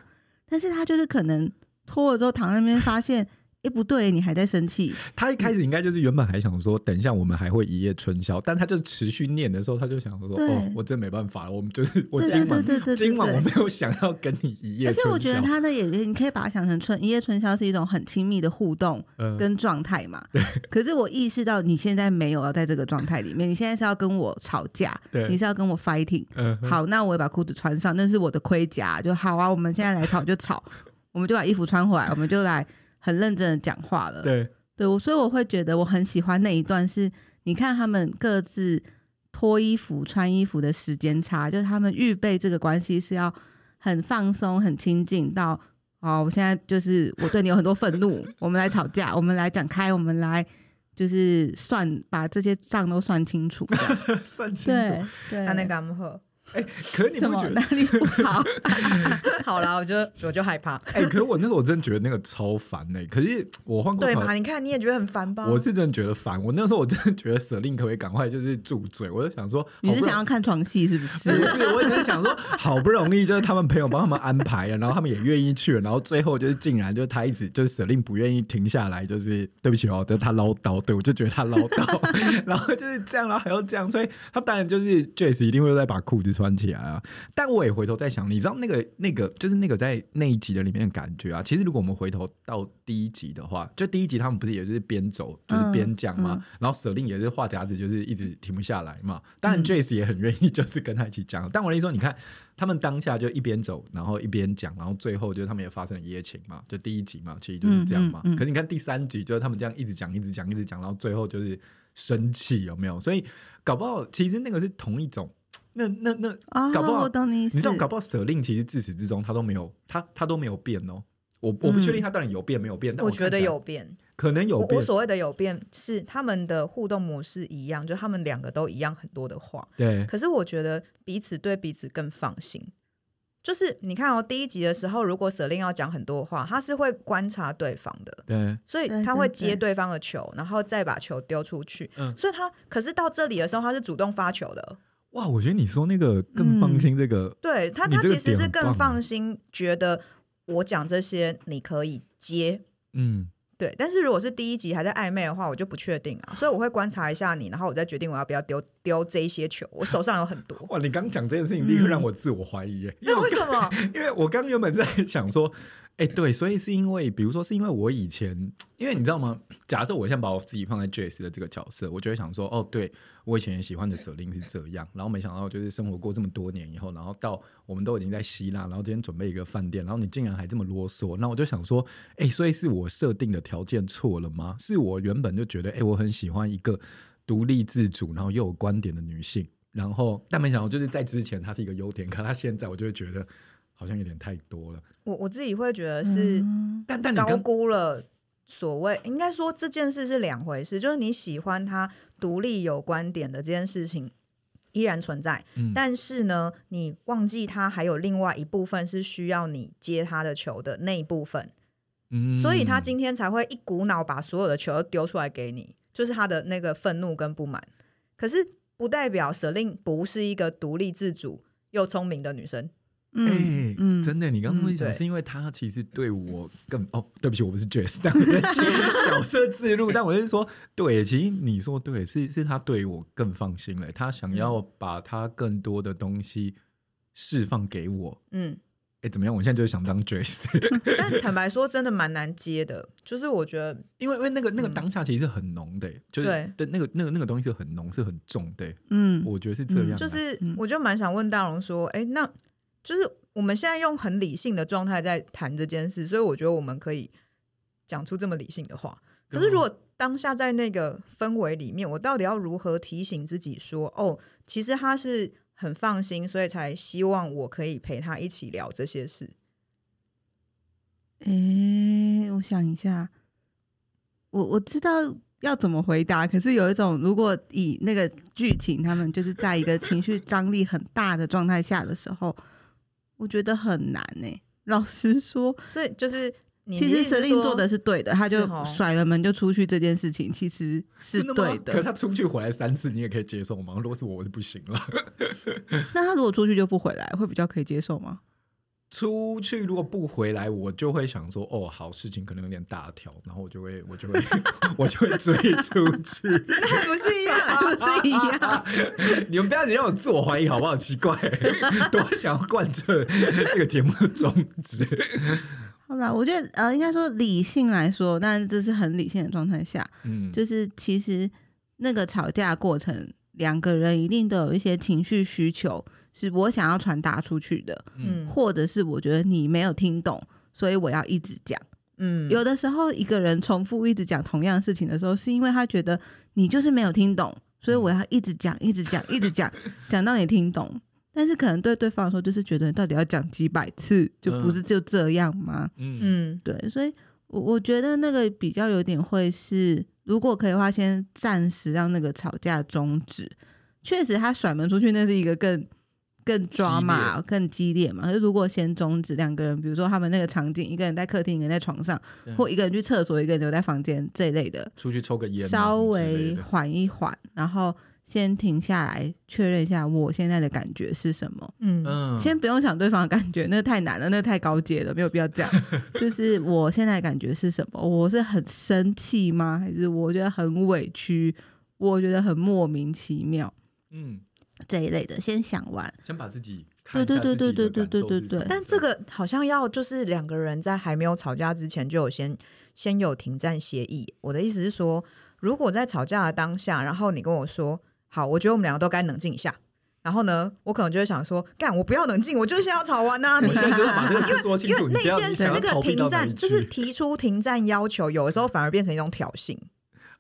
但是他就是可能脫了之後躺在那邊發現。 哎，欸、不對、欸，你還在生氣？他一開始應該就是原本還想說，等一下我們還會一夜春宵，嗯、但他就持續念的時候，他就想說：“對哦，我真沒辦法了，我們就是……對對對對，對，對，對，對，今晚我沒有想要跟你一夜春宵。”而且我覺得他的也可以，你可以把它想成春“春一夜春宵”是一種很親密的互動跟狀態嘛、嗯。對。可是我意識到你現在沒有要在這個狀態裡面，你現在是要跟我吵架，對，你是要跟我 fighting、嗯哼。嗯。好，那我也把褲子穿上，那是我的盔甲，就好啊。我們現在來吵就吵， 我們就把衣服穿回來，我們就來。很認真的講話了，對對，我所以我會覺得我很喜歡那一段，是你看他們各自脫衣服，穿衣服的時間差，就是他們預備這個關係是要很放鬆、很親近到哦，我現在就是我對你有很多憤怒， 我們來吵架，我們來講開，我們來就是算，把這些賬都算清楚。 算清楚，對，他那個好。哎、欸，可是你不覺得哪裡不好？ 好了，我就我就害怕。哎、欸，可是我那時候我真的覺得那個超煩呢、欸。可是我換過對嘛？你看你也覺得很煩吧？我是真的覺得煩。我那時候我真的覺得 Céline 可不可以趕快就是住嘴。我就想說，你是想要看床戲是不是？不是，我只是想說，好不容易就是他們朋友幫他們安排了，然後他們也願意去，然後最後就是竟然就是他一直就是 Céline 不願意停下來，就是對不起哦，就是、他嘮叨，對，我就覺得他嘮叨， 然後就是這樣，然後還要這樣，所以他當然就是 Jesse 一定會再把褲子穿起來啊！但我也回頭在想，你知道那個那個就是那個在那一集的裡面的感覺啊。其實如果我們回頭到第一集的話，就第一集他們不是也是邊走就是邊講嘛，就是嗯、然後 Celine 也是話匣子就是一直停不下來嘛。當然 Jace 也很願意，就是跟他一起講。嗯、但我跟你說，你看他們當下就一邊走，然後一邊講，然後最後就是他們也發生了一夜情嘛，就第一集嘛，其實就是這樣嘛。嗯嗯嗯，可是你看第三集，就是他們這樣一直講，一直講，一直講，到最後就是生氣有沒有？所以搞不好其實那個是同一種。那那那，那 oh, 搞不好，懂你這種，你知道搞不好舍令其實自始至終他都沒有，他他都沒有變哦。我我不確定他到底有變、嗯、沒有變，但我,我覺得有變，可能有變。我所謂的有變是他們的互動模式一樣，就他們兩個都一樣很多的話。對。可是我覺得彼此對彼此更放心。就是你看哦，第一集的時候，如果舍令要講很多話，他是會觀察對方的，對，所以他會接對方的球，然後再把球丟出去。嗯。所以他可是到這裡的時候，他是主動發球的。哇，我覺得你說那個更放心，這個、嗯、對他、他其實是更放心，覺得我講這些你可以接，嗯，對。但是如果是第一集還在曖昧的話，我就不確定啊，所以我會觀察一下你，然後我再決定我要不要丟丟這些球。我手上有很多。哇，你剛講這件事情立刻讓我自我懷疑、欸，那、嗯、為，為什麼？因為我剛原本是在想說。誒、欸，對，所以是因為，比如說，是因為我以前，因為你知道嗎？假設我現在把我自己放在 Jesse 的這個角色，我就會想說，哦，對我以前也喜歡的 Céline 是這樣，然後沒想到就是生活過這麼多年以後，然後到我們都已經在希臘，然後今天準備一個飯店，然後你竟然還這麼囉嗦，那我就想說，哎、欸，所以是我設定的條件錯了嗎？是我原本就覺得，哎、欸，我很喜歡一個獨立自主，然後又有觀點的女性，然後但沒想到就是在之前她是一個優點，可她現在我就會覺得。好像有點太多了我，我我自己會覺得是，高估了所謂，應該說這件事是兩回事。就是你喜歡他獨立有觀點的這件事情依然存在，但是呢，你忘記他還有另外一部分是需要你接他的球的那一部分。所以他今天才會一股腦把所有的球都丟出來給你，就是他的那個憤怒跟不滿。可是不代表 Celine 不是一個獨立自主又聰明的女生。哎，嗯，真的，你剛剛問起來是因為他其實對我更哦，對不起，我不是 Jesse，但我在是角色置入，但我就是說，對，其實你說對，是是，他對我更放心了，他想要把他更多的東西釋放給我，嗯，哎，怎麼樣？我現在就是想當 Jesse，但坦白說，真的蠻難接的，就是我覺得，因為因為那個那個當下其實很濃的，就是對那個那個那個東西是很濃是很重的，嗯，我覺得是這樣，就是我就蠻想問大容說，哎，那。就是我們現在用很理性的狀態在談這件事，所以我覺得我們可以講出這麼理性的話。可是如果當下在那個氛圍裡面，我到底要如何提醒自己說：“哦，其實他是很放心，所以才希望我可以陪他一起聊這些事。”哎、欸，我想一下，我我知道要怎麼回答，可是有一種，如果以那個劇情，他們就是在一個情緒張力很大的狀態下的時候。我覺得很難呢、欸，老實說，所以就是，其實設定做的是對的，就他就甩了門就出去這件事情，哦、其實是對的。的可他出去回來三次，你也可以接受嗎？如果是我，我就不行了。 那他如果出去就不回來，會比較可以接受嗎？出去如果不回來，我就會想說，哦，好，事情可能有點大條，然後我就會，我就會， 我就會追出去。 那不是。是一樣啊啊啊啊，你們不要，你讓我自我懷疑好不好？ 奇怪、欸，多想要貫徹這個節目的宗旨。好吧，我覺得呃，應該說理性來說，但是這是很理性的狀態下，嗯，就是其實那個吵架過程，兩個人一定都有一些情緒需求，是我想要傳達出去的，嗯，或者是我覺得你沒有聽懂，所以我要一直講，嗯，有的時候一個人重複一直講同樣的事情的時候，是因為他覺得你就是沒有聽懂。所以我要一直講，一直講，一直講，講 到你聽懂。但是可能對對方來說，就是覺得你到底要講幾百次，就不是就這樣嗎？嗯嗯，對。所以，我我覺得那個比較有點會是，如果可以的話，先暫時讓那個吵架終止。確實，他甩門出去，那是一個更。更抓馬烈，更激烈嘛。可是如果先終止兩個人，比如說他們那個場景，一個人在客廳，一個人在床上，對或一個人去廁所，一個人留在房間這一類的，出去抽個菸、啊，稍微緩一緩，然後先停下來，確認一下我現在的感覺是什麼。嗯，先不用想對方的感覺，那太難了，那太高階了，沒有必要這樣。 就是我現在的感覺是什麼？我是很生氣嗎？還是我覺得很委屈？我覺得很莫名其妙。嗯。這一類的，先想完，先把自己，看自己對對對對對對對對，對，對，但這個好像要就是兩個人在還沒有吵架之前就有先先有停戰協議。我的意思是說，如果在吵架的當下，然後你跟我說好，我覺得我們兩個都該冷靜一下。然後呢，我可能就會想說，幹，我不要冷靜，我就是要吵完吶、啊。 因為因為那件事，那個停戰就是提出停戰要求，有的時候反而變成一種挑釁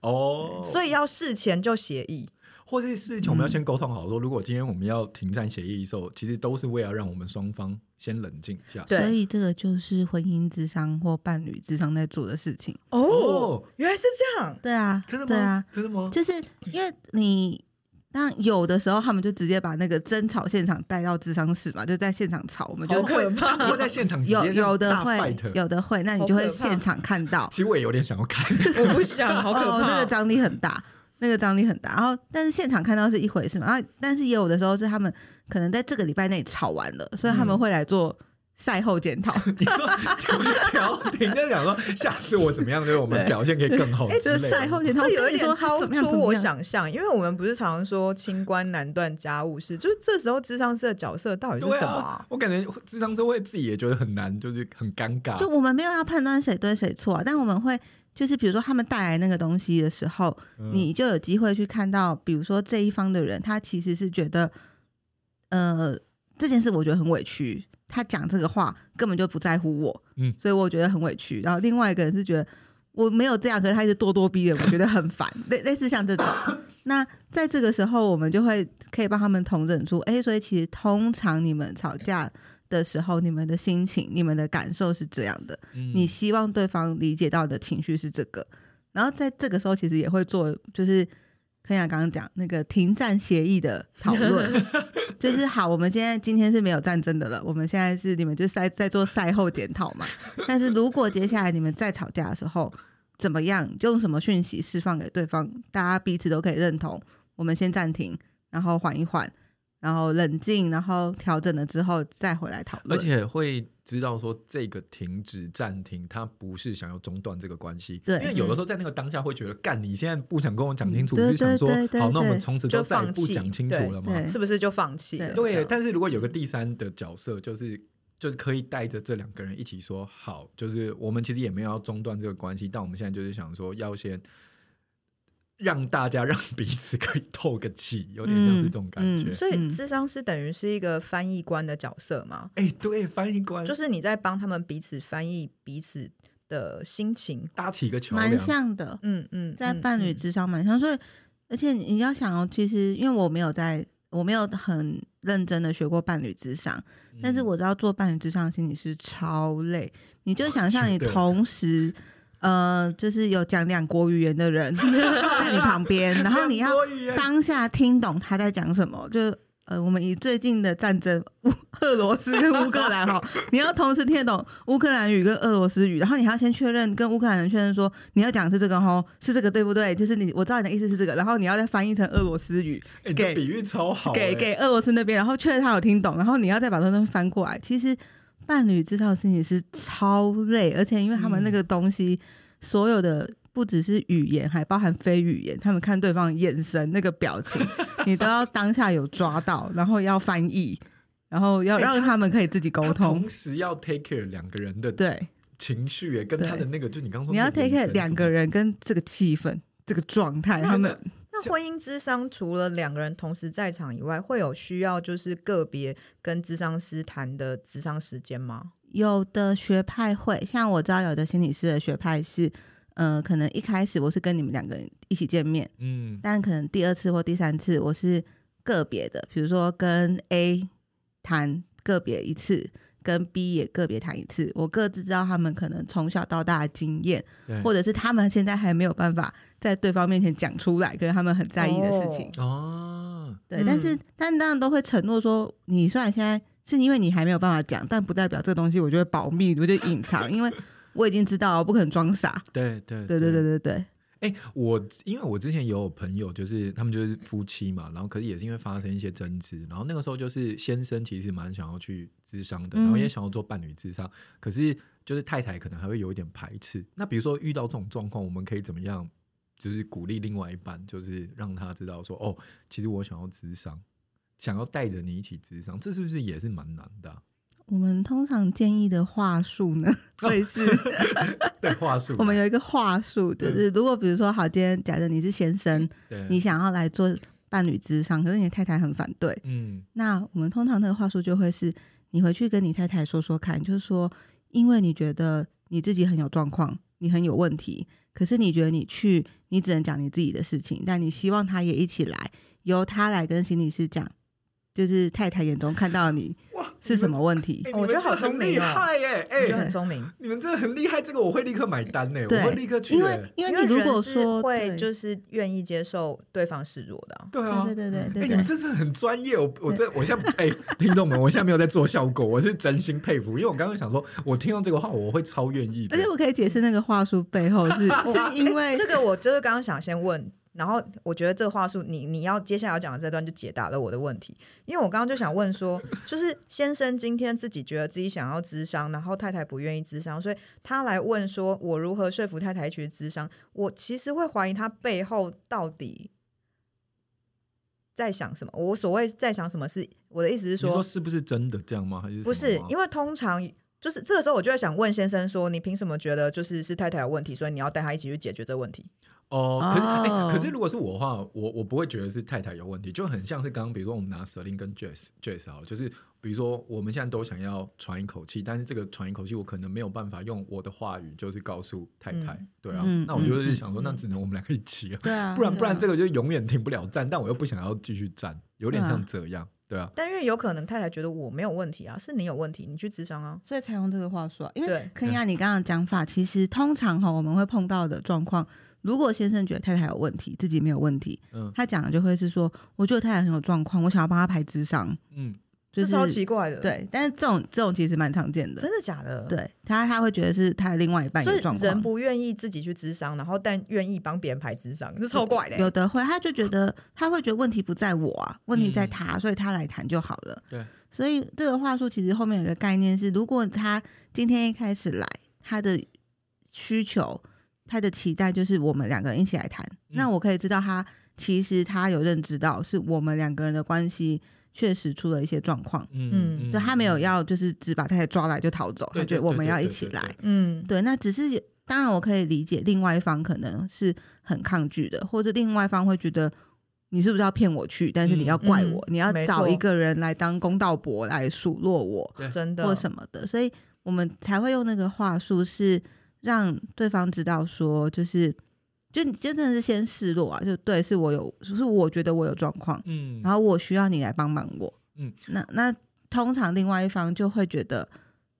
哦。所以要事前就協議。或是事情我們要先溝通好說，說、嗯、如果今天我們要停戰協議的時候，其實都是為了讓我們雙方先冷靜一下。對，所以這個就是婚姻諮商或伴侶諮商在做的事情哦。哦原來是這樣，對啊，真的對啊，真的嗎？就是因為你那有的時候他們就直接把那個爭吵現場帶到諮商室嘛，就在現場吵，我們就可可怕們會在現場有有的會有的會，那你就會現場看到。其實我也有點想要看， 我不想，好可怕，哦、那個張力很大。那個張力很大，然後但是現場看到是一回事嘛，然後但是也有的時候是他們可能在這個禮拜內吵完了，所以他們會來做賽後檢討。嗯、 你說調，你在 想說下次我怎麼樣，對我們表現可以更好之類的。賽、欸就是、後檢討有一點超出我想象，因為我們不是常常說清官難斷家務事，就是這時候諮商師的角色到底是什麼、啊啊？我感覺諮商師會自己也覺得很難，就是很尷尬。就我們沒有要判斷誰對誰錯、啊，但我們會。就是比如說他們帶來那個東西的時候，你就有機會去看到，比如說這一方的人，他其實是覺得，呃，這件事我覺得很委屈，他講這個話根本就不在乎我，所以我覺得很委屈。然後另外一個人是覺得我沒有這樣，可是他一直咄咄逼人，我覺得很煩，類 類似像這種。那在這個時候，我們就會可以幫他們統整出哎，所以其實通常你們吵架。的時候，你們的心情、你們的感受是這樣的。嗯、你希望對方理解到的情緒是這個。然後在這個時候，其實也會做，就是肯亞剛剛講那個停戰協議的討論， 就是好，我們現在今天是沒有戰爭的了，我們現在是你們就是在，在做賽後檢討嘛。但是如果接下來你們再吵架的時候，怎麼樣用什麼訊息釋放給對方，大家彼此都可以認同？我們先暫停，然後緩一緩。然後冷靜，然後調整了之後再回來討論，而且會知道說，這個停止暫停，他不是想要中斷這個關係。對，因為有的時候在那個當下會覺得，嗯、幹，你現在不想跟我講清楚，只、嗯、是想說，好，那我們從此就再也不講清楚了嗎？是不是就放棄了？對。對樣但是如果有個第三的角色，就是就是可以帶着這兩個人一起說，好，就是我們其實也沒有要中斷這個關係，但我們現在就是想說要先。讓大家讓彼此可以透個氣，有點像這種感覺。嗯嗯、所以諮商是等於是一個翻譯官的角色嘛？哎、欸，對，翻譯官就是你在幫他們彼此翻譯彼此的心情，搭起一個橋樑，蠻像的。嗯嗯，嗯嗯嗯在伴侶諮商，蠻像，所以而且你要想，喔，其實因為我沒有在，我沒有很認真的學過伴侶諮商，嗯、但是我知道做伴侶諮商的心理師超累，你就想象你同時。呃，就是有講兩國語言的人在你旁邊，然後你要當下聽懂他在講什麼。就呃，我們以最近的戰爭，烏俄羅斯跟烏克蘭哈，你要同時聽得懂烏克蘭語跟俄羅斯語，然後你還要先確認跟烏克蘭人確認說你要講的是這個哈，是這個對不對？就是你，我知道你的意思是這個，然後你要再翻譯成俄羅斯語給、欸、你這比喻超好、欸給，給給俄羅斯那邊，然後確認他有聽懂，然後你要再把它都翻過來。其實。伴侶這套心情是超累，而且因為他們那個東西，嗯、所有的不只是語言，還包含非語言。他們看對方眼神那個表情， 你都要當下有抓到，然後要翻譯，然後要讓他們可以自己溝通。欸、同時要 take care 兩個人的情對情緒也跟他的那個，對就你剛說你要 take care 兩個人跟這個氣氛，這個狀態，呢他們。那婚姻諮商除了兩個人同時在場以外，會有需要就是個別跟諮商師談的諮商時間嗎？有的學派會，像我知道有的心理師的學派是，呃，可能一開始我是跟你們兩個人一起見面，嗯，但可能第二次或第三次我是個別的，比如說跟 A 談個別一次，跟 B 也個別談一次，我各自知道他們可能從小到大的經驗，對或者是他們現在還沒有辦法。在對方面前講出來，跟他們很在意的事情哦，啊、對，嗯、但是但當然都會承諾說，你雖然現在是因為你還沒有辦法講，但不代表這個東西我就會保密，我就隱藏， 因為我已經知道，我不可能裝傻。對對對對對對對。哎、欸，我因為我之前也有朋友，就是他們就是夫妻嘛，然後可是也是因為發生一些爭執，然後那個時候就是先生其實蠻想要去諮商的，嗯、然後也想要做伴侶諮商，可是就是太太可能還會有一點排斥。那比如說遇到這種狀況，我們可以怎麼樣？就是鼓勵另外一半，就是讓他知道說哦，其實我想要諮商，想要帶着你一起諮商，這是不是也是蠻難的啊？我們通常建議的話術呢，會是 對，話術。我們有一個話術，就是如果比如說，好，今天假設你是先生，對你想要來做伴侶諮商，可是你的太太很反對，嗯，那我們通常那個話術就會是你回去跟你太太說說看，就是說，因為你覺得你自己很有狀況，你很有問題，可是你覺得你去。你只能講你自己的事情，但你希望他也一起來，由他來跟心理師講，就是太太眼中看到你。 是什麼問題？我覺得很厲害耶！哎，很聰明。你們真的很厲害，這個我會立刻買單呢。我會立刻去。因為，因為你如果說會就是願意接受對方示弱的。對啊，對對對，哎，你們這是很專業。我我這我現在哎，聽眾們，我現在沒有在做效果，我是真心佩服。因為我剛剛想說，我聽到這個話，我會超願意。而且我可以解釋那個話術背後是，是因為。這個我就是剛剛想先問。然後我覺得這個話術你，你你要接下來要講的這段就解答了我的問題，因為我剛剛就想問說，就是先生今天自己覺得自己想要諮商，然後太太不願意諮商，所以他來問說我如何說服太太去諮商。我其實會懷疑他背後到底在想什麼。我所謂在想什麼是我的意思是說，說是不是真的這樣嗎？還是不是？因為通常就是這個時候，我就在想問先生說，你憑什麼覺得就是是太太有問題，所以你要帶他一起去解決這個問題？哦，oh, 可是、oh. 欸、可是如果是我的話，我我不會覺得是太太有問題，就很像是剛剛，比如說我們拿 Celine 跟 Jesse Jesse 哦，就是比如說我們現在都想要喘一口氣，但是這個喘一口氣，我可能沒有辦法用我的話語就是告訴太太，對啊，嗯、那我就想說，嗯、那只能我們兩個一起、嗯、然啊，不然、啊、不然這個就永遠停不了站，但我又不想要繼續站，有點像這樣，對啊。對啊，但因為有可能太太覺得我沒有問題啊，是你有問題，你去諮商啊，所以才用這個話說，因為肯亞對你剛剛講法，其實通常哈我們會碰到的狀況。如果先生覺得太太有問題，自己沒有問題，嗯、他講的就會是說：“我覺得太太很有狀況，我想要幫他排諮商。”嗯，就是、這是超奇怪的。對，但是這種這種其實蠻常見的。真的假的？對，他他會覺得是他另外一半有狀況，人不願意自己去諮商，然後但願意幫別人排諮商，這超怪的、欸。有的會，他就覺得他會覺得問題不在我、啊，問題在他，嗯、所以他來談就好了。對，所以這個話術其實後面有個概念是：如果他今天一開始來，他的需求。他的期待就是我們兩個人一起來談，嗯、那我可以知道他其實他有認知到是我們兩個人的關係確實出了一些狀況，嗯，對，他沒有要就是只把太太抓來就逃走，嗯、他覺得我們要一起來，嗯，對，那只是當然我可以理解，另外一方可能是很抗拒的，或者另外一方會覺得你是不是要騙我去，但是你要怪我，嗯嗯、你要找一個人來當公道伯、嗯、來數落我，對真的或什麼的，所以我們才會用那個話術是，讓對方知道說，說就是，就你真的是先示弱啊，就對，是我有，是我覺得我有狀況，嗯，然後我需要你來幫忙我，嗯，那，那那通常另外一方就會覺得。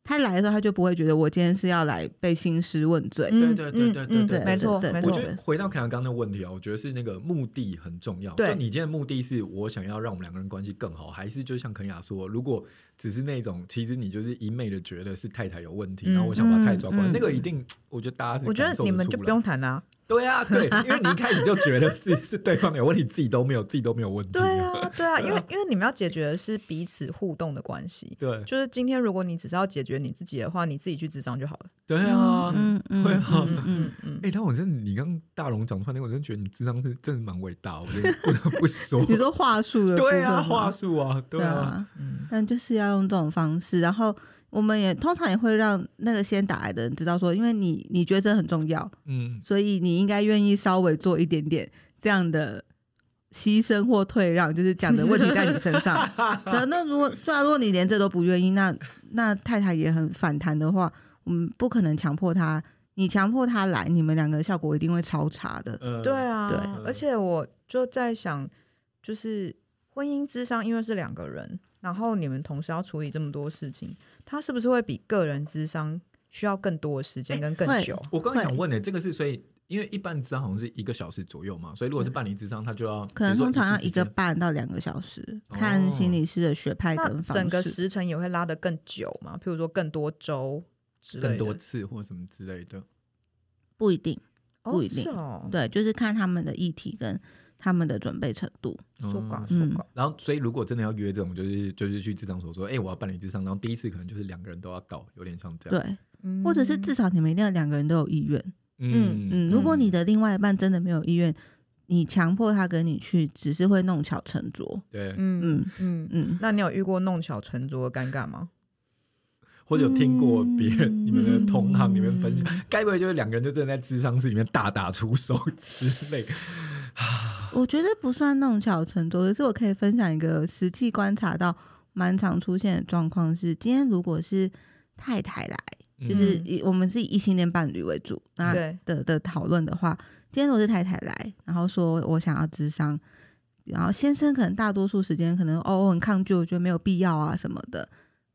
他來的時候，他就不會覺得我今天是要來被興師問罪、嗯。對對對對對對，對，沒錯。我覺得回到肯亞剛剛的問題啊，我覺得是那個目的很重要。對，就你今天的目的是我想要讓我們兩個人關係更好，還是就像肯亞說，如果只是那種，其實你就是一昧的覺得是太太有問題，然後我想把太太抓過來，嗯、那個一定，嗯、我覺得大家是……我覺得你們就不用談啊。對啊，對，因為你一開始就覺得是 是對方有問題，自己都沒有，自己都沒有問題、啊。對啊，對啊，對啊因為因為你們要解決的是彼此互動的關係。對，就是今天如果你只是要解決你自己的話，你自己去諮商就好了。對啊，嗯嗯嗯嗯。哎，但我覺得你剛大容講出來，那我真覺得你諮商是真的蠻偉大，我覺得不得不說。 你說話術的，對啊，話術啊，對啊。嗯、但就是要用這種方式，然後。我們也通常也會讓那個先打來的人知道說，因為你你覺得這很重要，嗯，所以你應該願意稍微做一點點這樣的犧牲或退讓，就是講的問題在你身上。 那如果雖然如果你連這都不願意，那那太太也很反彈的話，我們不可能強迫他。你強迫他來，你們兩個效果一定會超差的。對啊、呃，對。而且我就在想，就是婚姻諮商，因為是兩個人，然後你們同時要處理這麼多事情，他是不是會比個人諮商需要更多的時間跟更久？欸、我剛想問的，欸、這個是，所以因為一般諮商好像是一個小時左右嘛，嗯，所以如果是伴侶諮商，他就要可能時通常要一個半到兩個小時，哦，看心理師的學派跟整個時程也會拉得更久嘛，譬如說更多周更多次或什麼之類的，不一定，不一定，哦哦，對，就是看他們的議題跟。他們的準備程度、嗯，然後所以如果真的要約這種，就是就是去諮商所說，哎、欸，我要辦理諮商，然後第一次可能就是兩個人都要到，有點像這樣，對，或者是至少你們一定要兩個人都有意願、嗯嗯嗯，嗯嗯，如果你的另外一半真的沒有意願，你強迫他跟你去，只是會弄巧成拙，對，嗯嗯嗯，嗯那你有遇過弄巧成拙的尷尬嗎？或者有聽過別人你們的同行裡面分享，該、嗯嗯、不會就是兩個人就真的在諮商室裡面大打出手之類的？我覺得不算弄巧成拙，可是我可以分享一個實際觀察到蠻常出現的狀況是，今天如果是太太來，就是以我們是以異性戀伴侶為主，那的對的討論的話，今天如果是太太來，然後說我想要諮商，然後先生可能大多數時間可能哦很抗拒，我覺得沒有必要啊什麼的，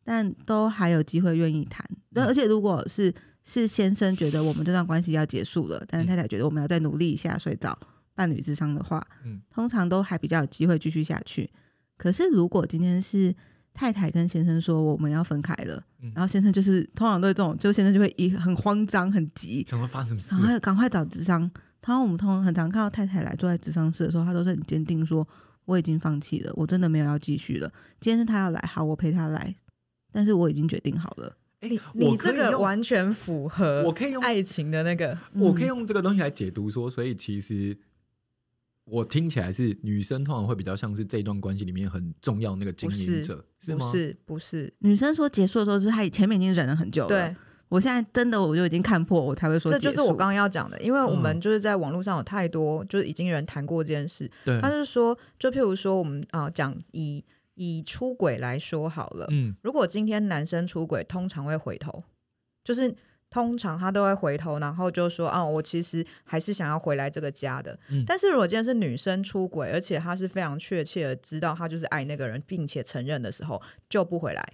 但都還有機會願意談。嗯、而且如果是是先生覺得我們這段關係要結束了，但是太太覺得我們要再努力一下睡，所以找。伴侶諮商的話，嗯，通常都還比較有機會繼續下去。嗯、可是，如果今天是太太跟先生說我們要分開了，嗯、然後先生就是通常對這種，就先生就會很慌張、很急，想說發生什麼事？然後趕快找諮商。然後我們通常很常看到太太來坐在諮商室的時候，他都是很堅定說：“我已經放棄了，我真的沒有要繼續了。”今天是他要來，好，我陪他來。但是我已經決定好了。哎、欸，你你這個完全符合，我可以用愛情的那個，我可，嗯、我可以用這個東西來解讀說，所以其實。我聽起來是女生通常會比較像是這一段關係裡面很重要的那個經營者，是是嗎？不是，不是，女生說結束的時候，就是她前面已經忍了很久了。對，我現在真的我就已經看破了，我才會說，這就是我剛剛要講的，因為我們就是在網絡上有太多、嗯、就是已經有人談過這件事。對，他就說，就譬如說我們啊，講、呃、以以出軌來說好了，嗯，如果今天男生出軌，通常會回頭，就是。通常他都會回頭，然後就說：“啊、哦，我其實還是想要回來這個家的。嗯”但是如果今天是女生出軌，而且她是非常確切的知道她就是愛那個人，並且承認的時候，就不回來。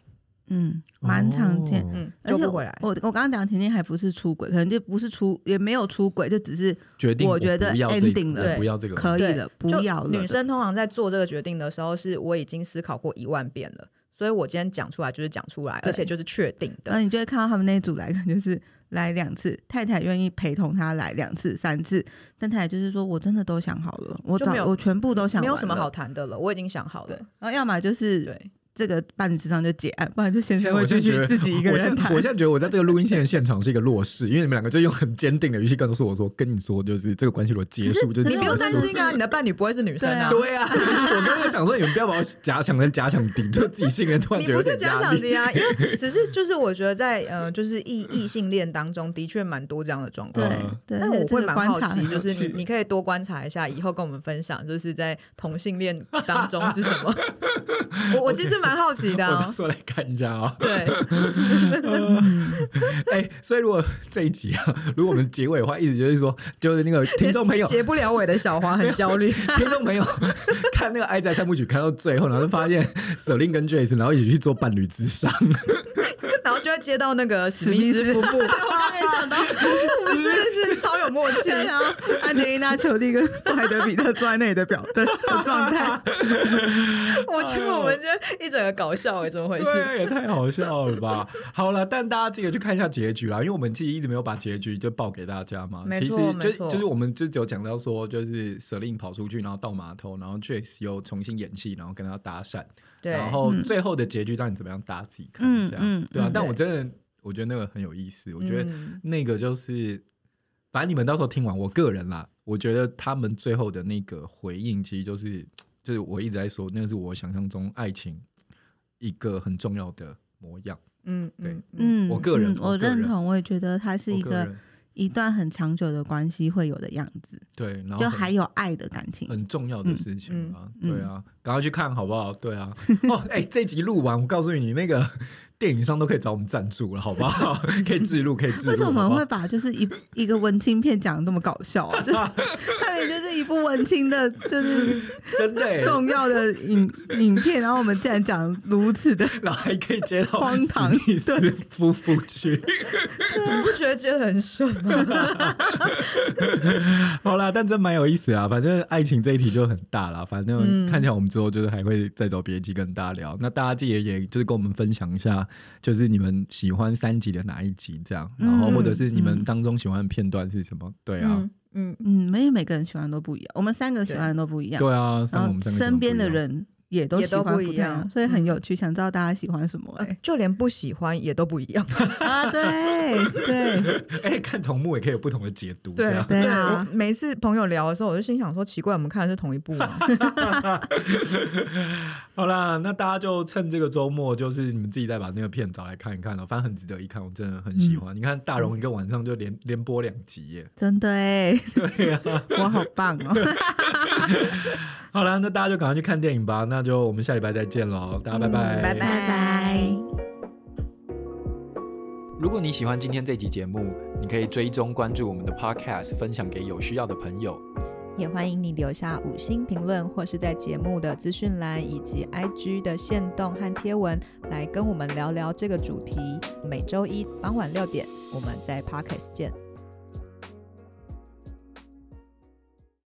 嗯，蠻常見。哦、嗯，就不回來。我我剛剛講婷婷還不是出軌，可能就不是出，也沒有出軌，就只是決定我覺得 ending 了，不要對可以了，不要了的。女生通常在做這個決定的時候，是我已經思考過一萬遍了。所以我今天講出來就是講出來，而且就是確定的對。那你就會看到他們那組來，就是來兩次，太太願意陪同他來兩次、三次。但太太就是說，我真的都想好了，我找我全部都想好了，沒有什麼好談的了，我已經想好了。對然後要麼就是對。這個伴侶之上就結案，不然就先，先會繼續自己一個人。我現在覺得我在，我現在覺得我在這個錄音線的現場是一個弱勢，因為你們兩個就用很堅定的語氣跟我說：“跟你說，就是這個關係如果結束，是就束是你不用擔心啊，你的伴侶不會是女生啊。”對啊， 對我就想說，你們不要把我假想跟假想敵，就自己性別突然你不是假想敵啊，因為只是就是我覺得在呃，就是異異性戀當中的確蠻多這樣的狀況，對對但我會蠻好奇，好奇就是你你可以多觀察一下，以後跟我們分享，就是在同性戀當中是什麼。 我我其實蠻。蠻好奇的、哦，我說來看一下啊，喔。對，哎、 呃欸，所以如果這一集啊，如果我們結尾的話， 一直就是說，就是那個聽眾朋友結不了尾的小華很焦慮， 聽眾朋友看那個《愛在三部曲》看到最後，然後就發現 Celine 跟 Jesse 然後一起去做伴侶諮商 然後就會接到那個史密斯夫婦。 好有默契啊！安潔莉娜、裘莉跟布萊德彼特坐在那裡的表的狀態，我天，我們這一整個搞笑誒，怎麼回事？也太好笑了吧！好了，但大家記得去看一下結局啊，因為我們其實一直沒有把結局就報給大家嘛。沒錯，就就是我們就只有講到說，就是 Celine 跑出去，然後到碼頭，然後 Jesse 又重新演戲，然後跟他搭訕，然後最後的結局到底怎麼樣，大家自己看。這樣，對啊。但我真的，我覺得那個很有意思。我覺得那個就是。反正你們到時候聽完，我個人啦，我覺得他們最後的那個回應，其實就是就是我一直在說，那是我想象中愛情一個很重要的模樣。嗯，對，嗯，我個人我認同，我也覺得它是一個一段很長久的關係會有的樣子。對，然後就還有愛的感情，很重要的事情啊。對啊，趕快去看好不好？對啊。哦，哎，這集錄完，我告訴你你那個。電影上都可以找我們贊助了，好不好？可以自己錄，可以自己錄。為什麼我們會把就是一一個文青片講的那麼搞笑啊？它也、 就是、就是一部文青的，就是真的、欸、重要的影影片。然後我們竟然講如此的，然後還可以接到荒唐對夫婦去，你不覺得這很爽嗎？ 好啦，但這蠻有意思啊。反正愛情這一題就很大啦，反正看起來我們之後就是還會再找別集跟大家聊。嗯、那大家記得也就是跟我們分享一下，就是你們喜歡三集的哪一集這樣，嗯、然後或者是你們當中喜歡的片段是什麼？嗯、對啊，嗯嗯，沒、嗯、有、嗯，每個人喜歡的都不一樣。我們三個喜歡的都不一樣，對啊。然後三個我們三個身邊的人，也都不一樣，所以很有趣，想知道大家喜歡什麼，哎，就連不喜歡也都不一樣啊！對對，哎，看同幕也可以有不同的解讀，對對啊！每次朋友聊的時候，我就心想說奇怪，我們看的是同一部嗎？好啦，那大家就趁這個週末，就是你們自己再把那個片找來看一看了，反正很值得一看，我真的很喜歡。你看大容一個晚上就連連播兩集耶，真的哎，對啊，我好棒哦！ 好啦，那大家就趕快去看電影吧。那就我們下禮拜再見囉，大家拜拜、嗯、拜拜。如果你喜歡今天這集節目，你可以追蹤關注我們的 Podcast，分享給有需要的朋友。也歡迎你留下五星評論，或是在節目的資訊欄以及 IG 的限動和貼文，來跟我們聊聊這個主題。每周一傍晚六點，我們在 Podcast 見。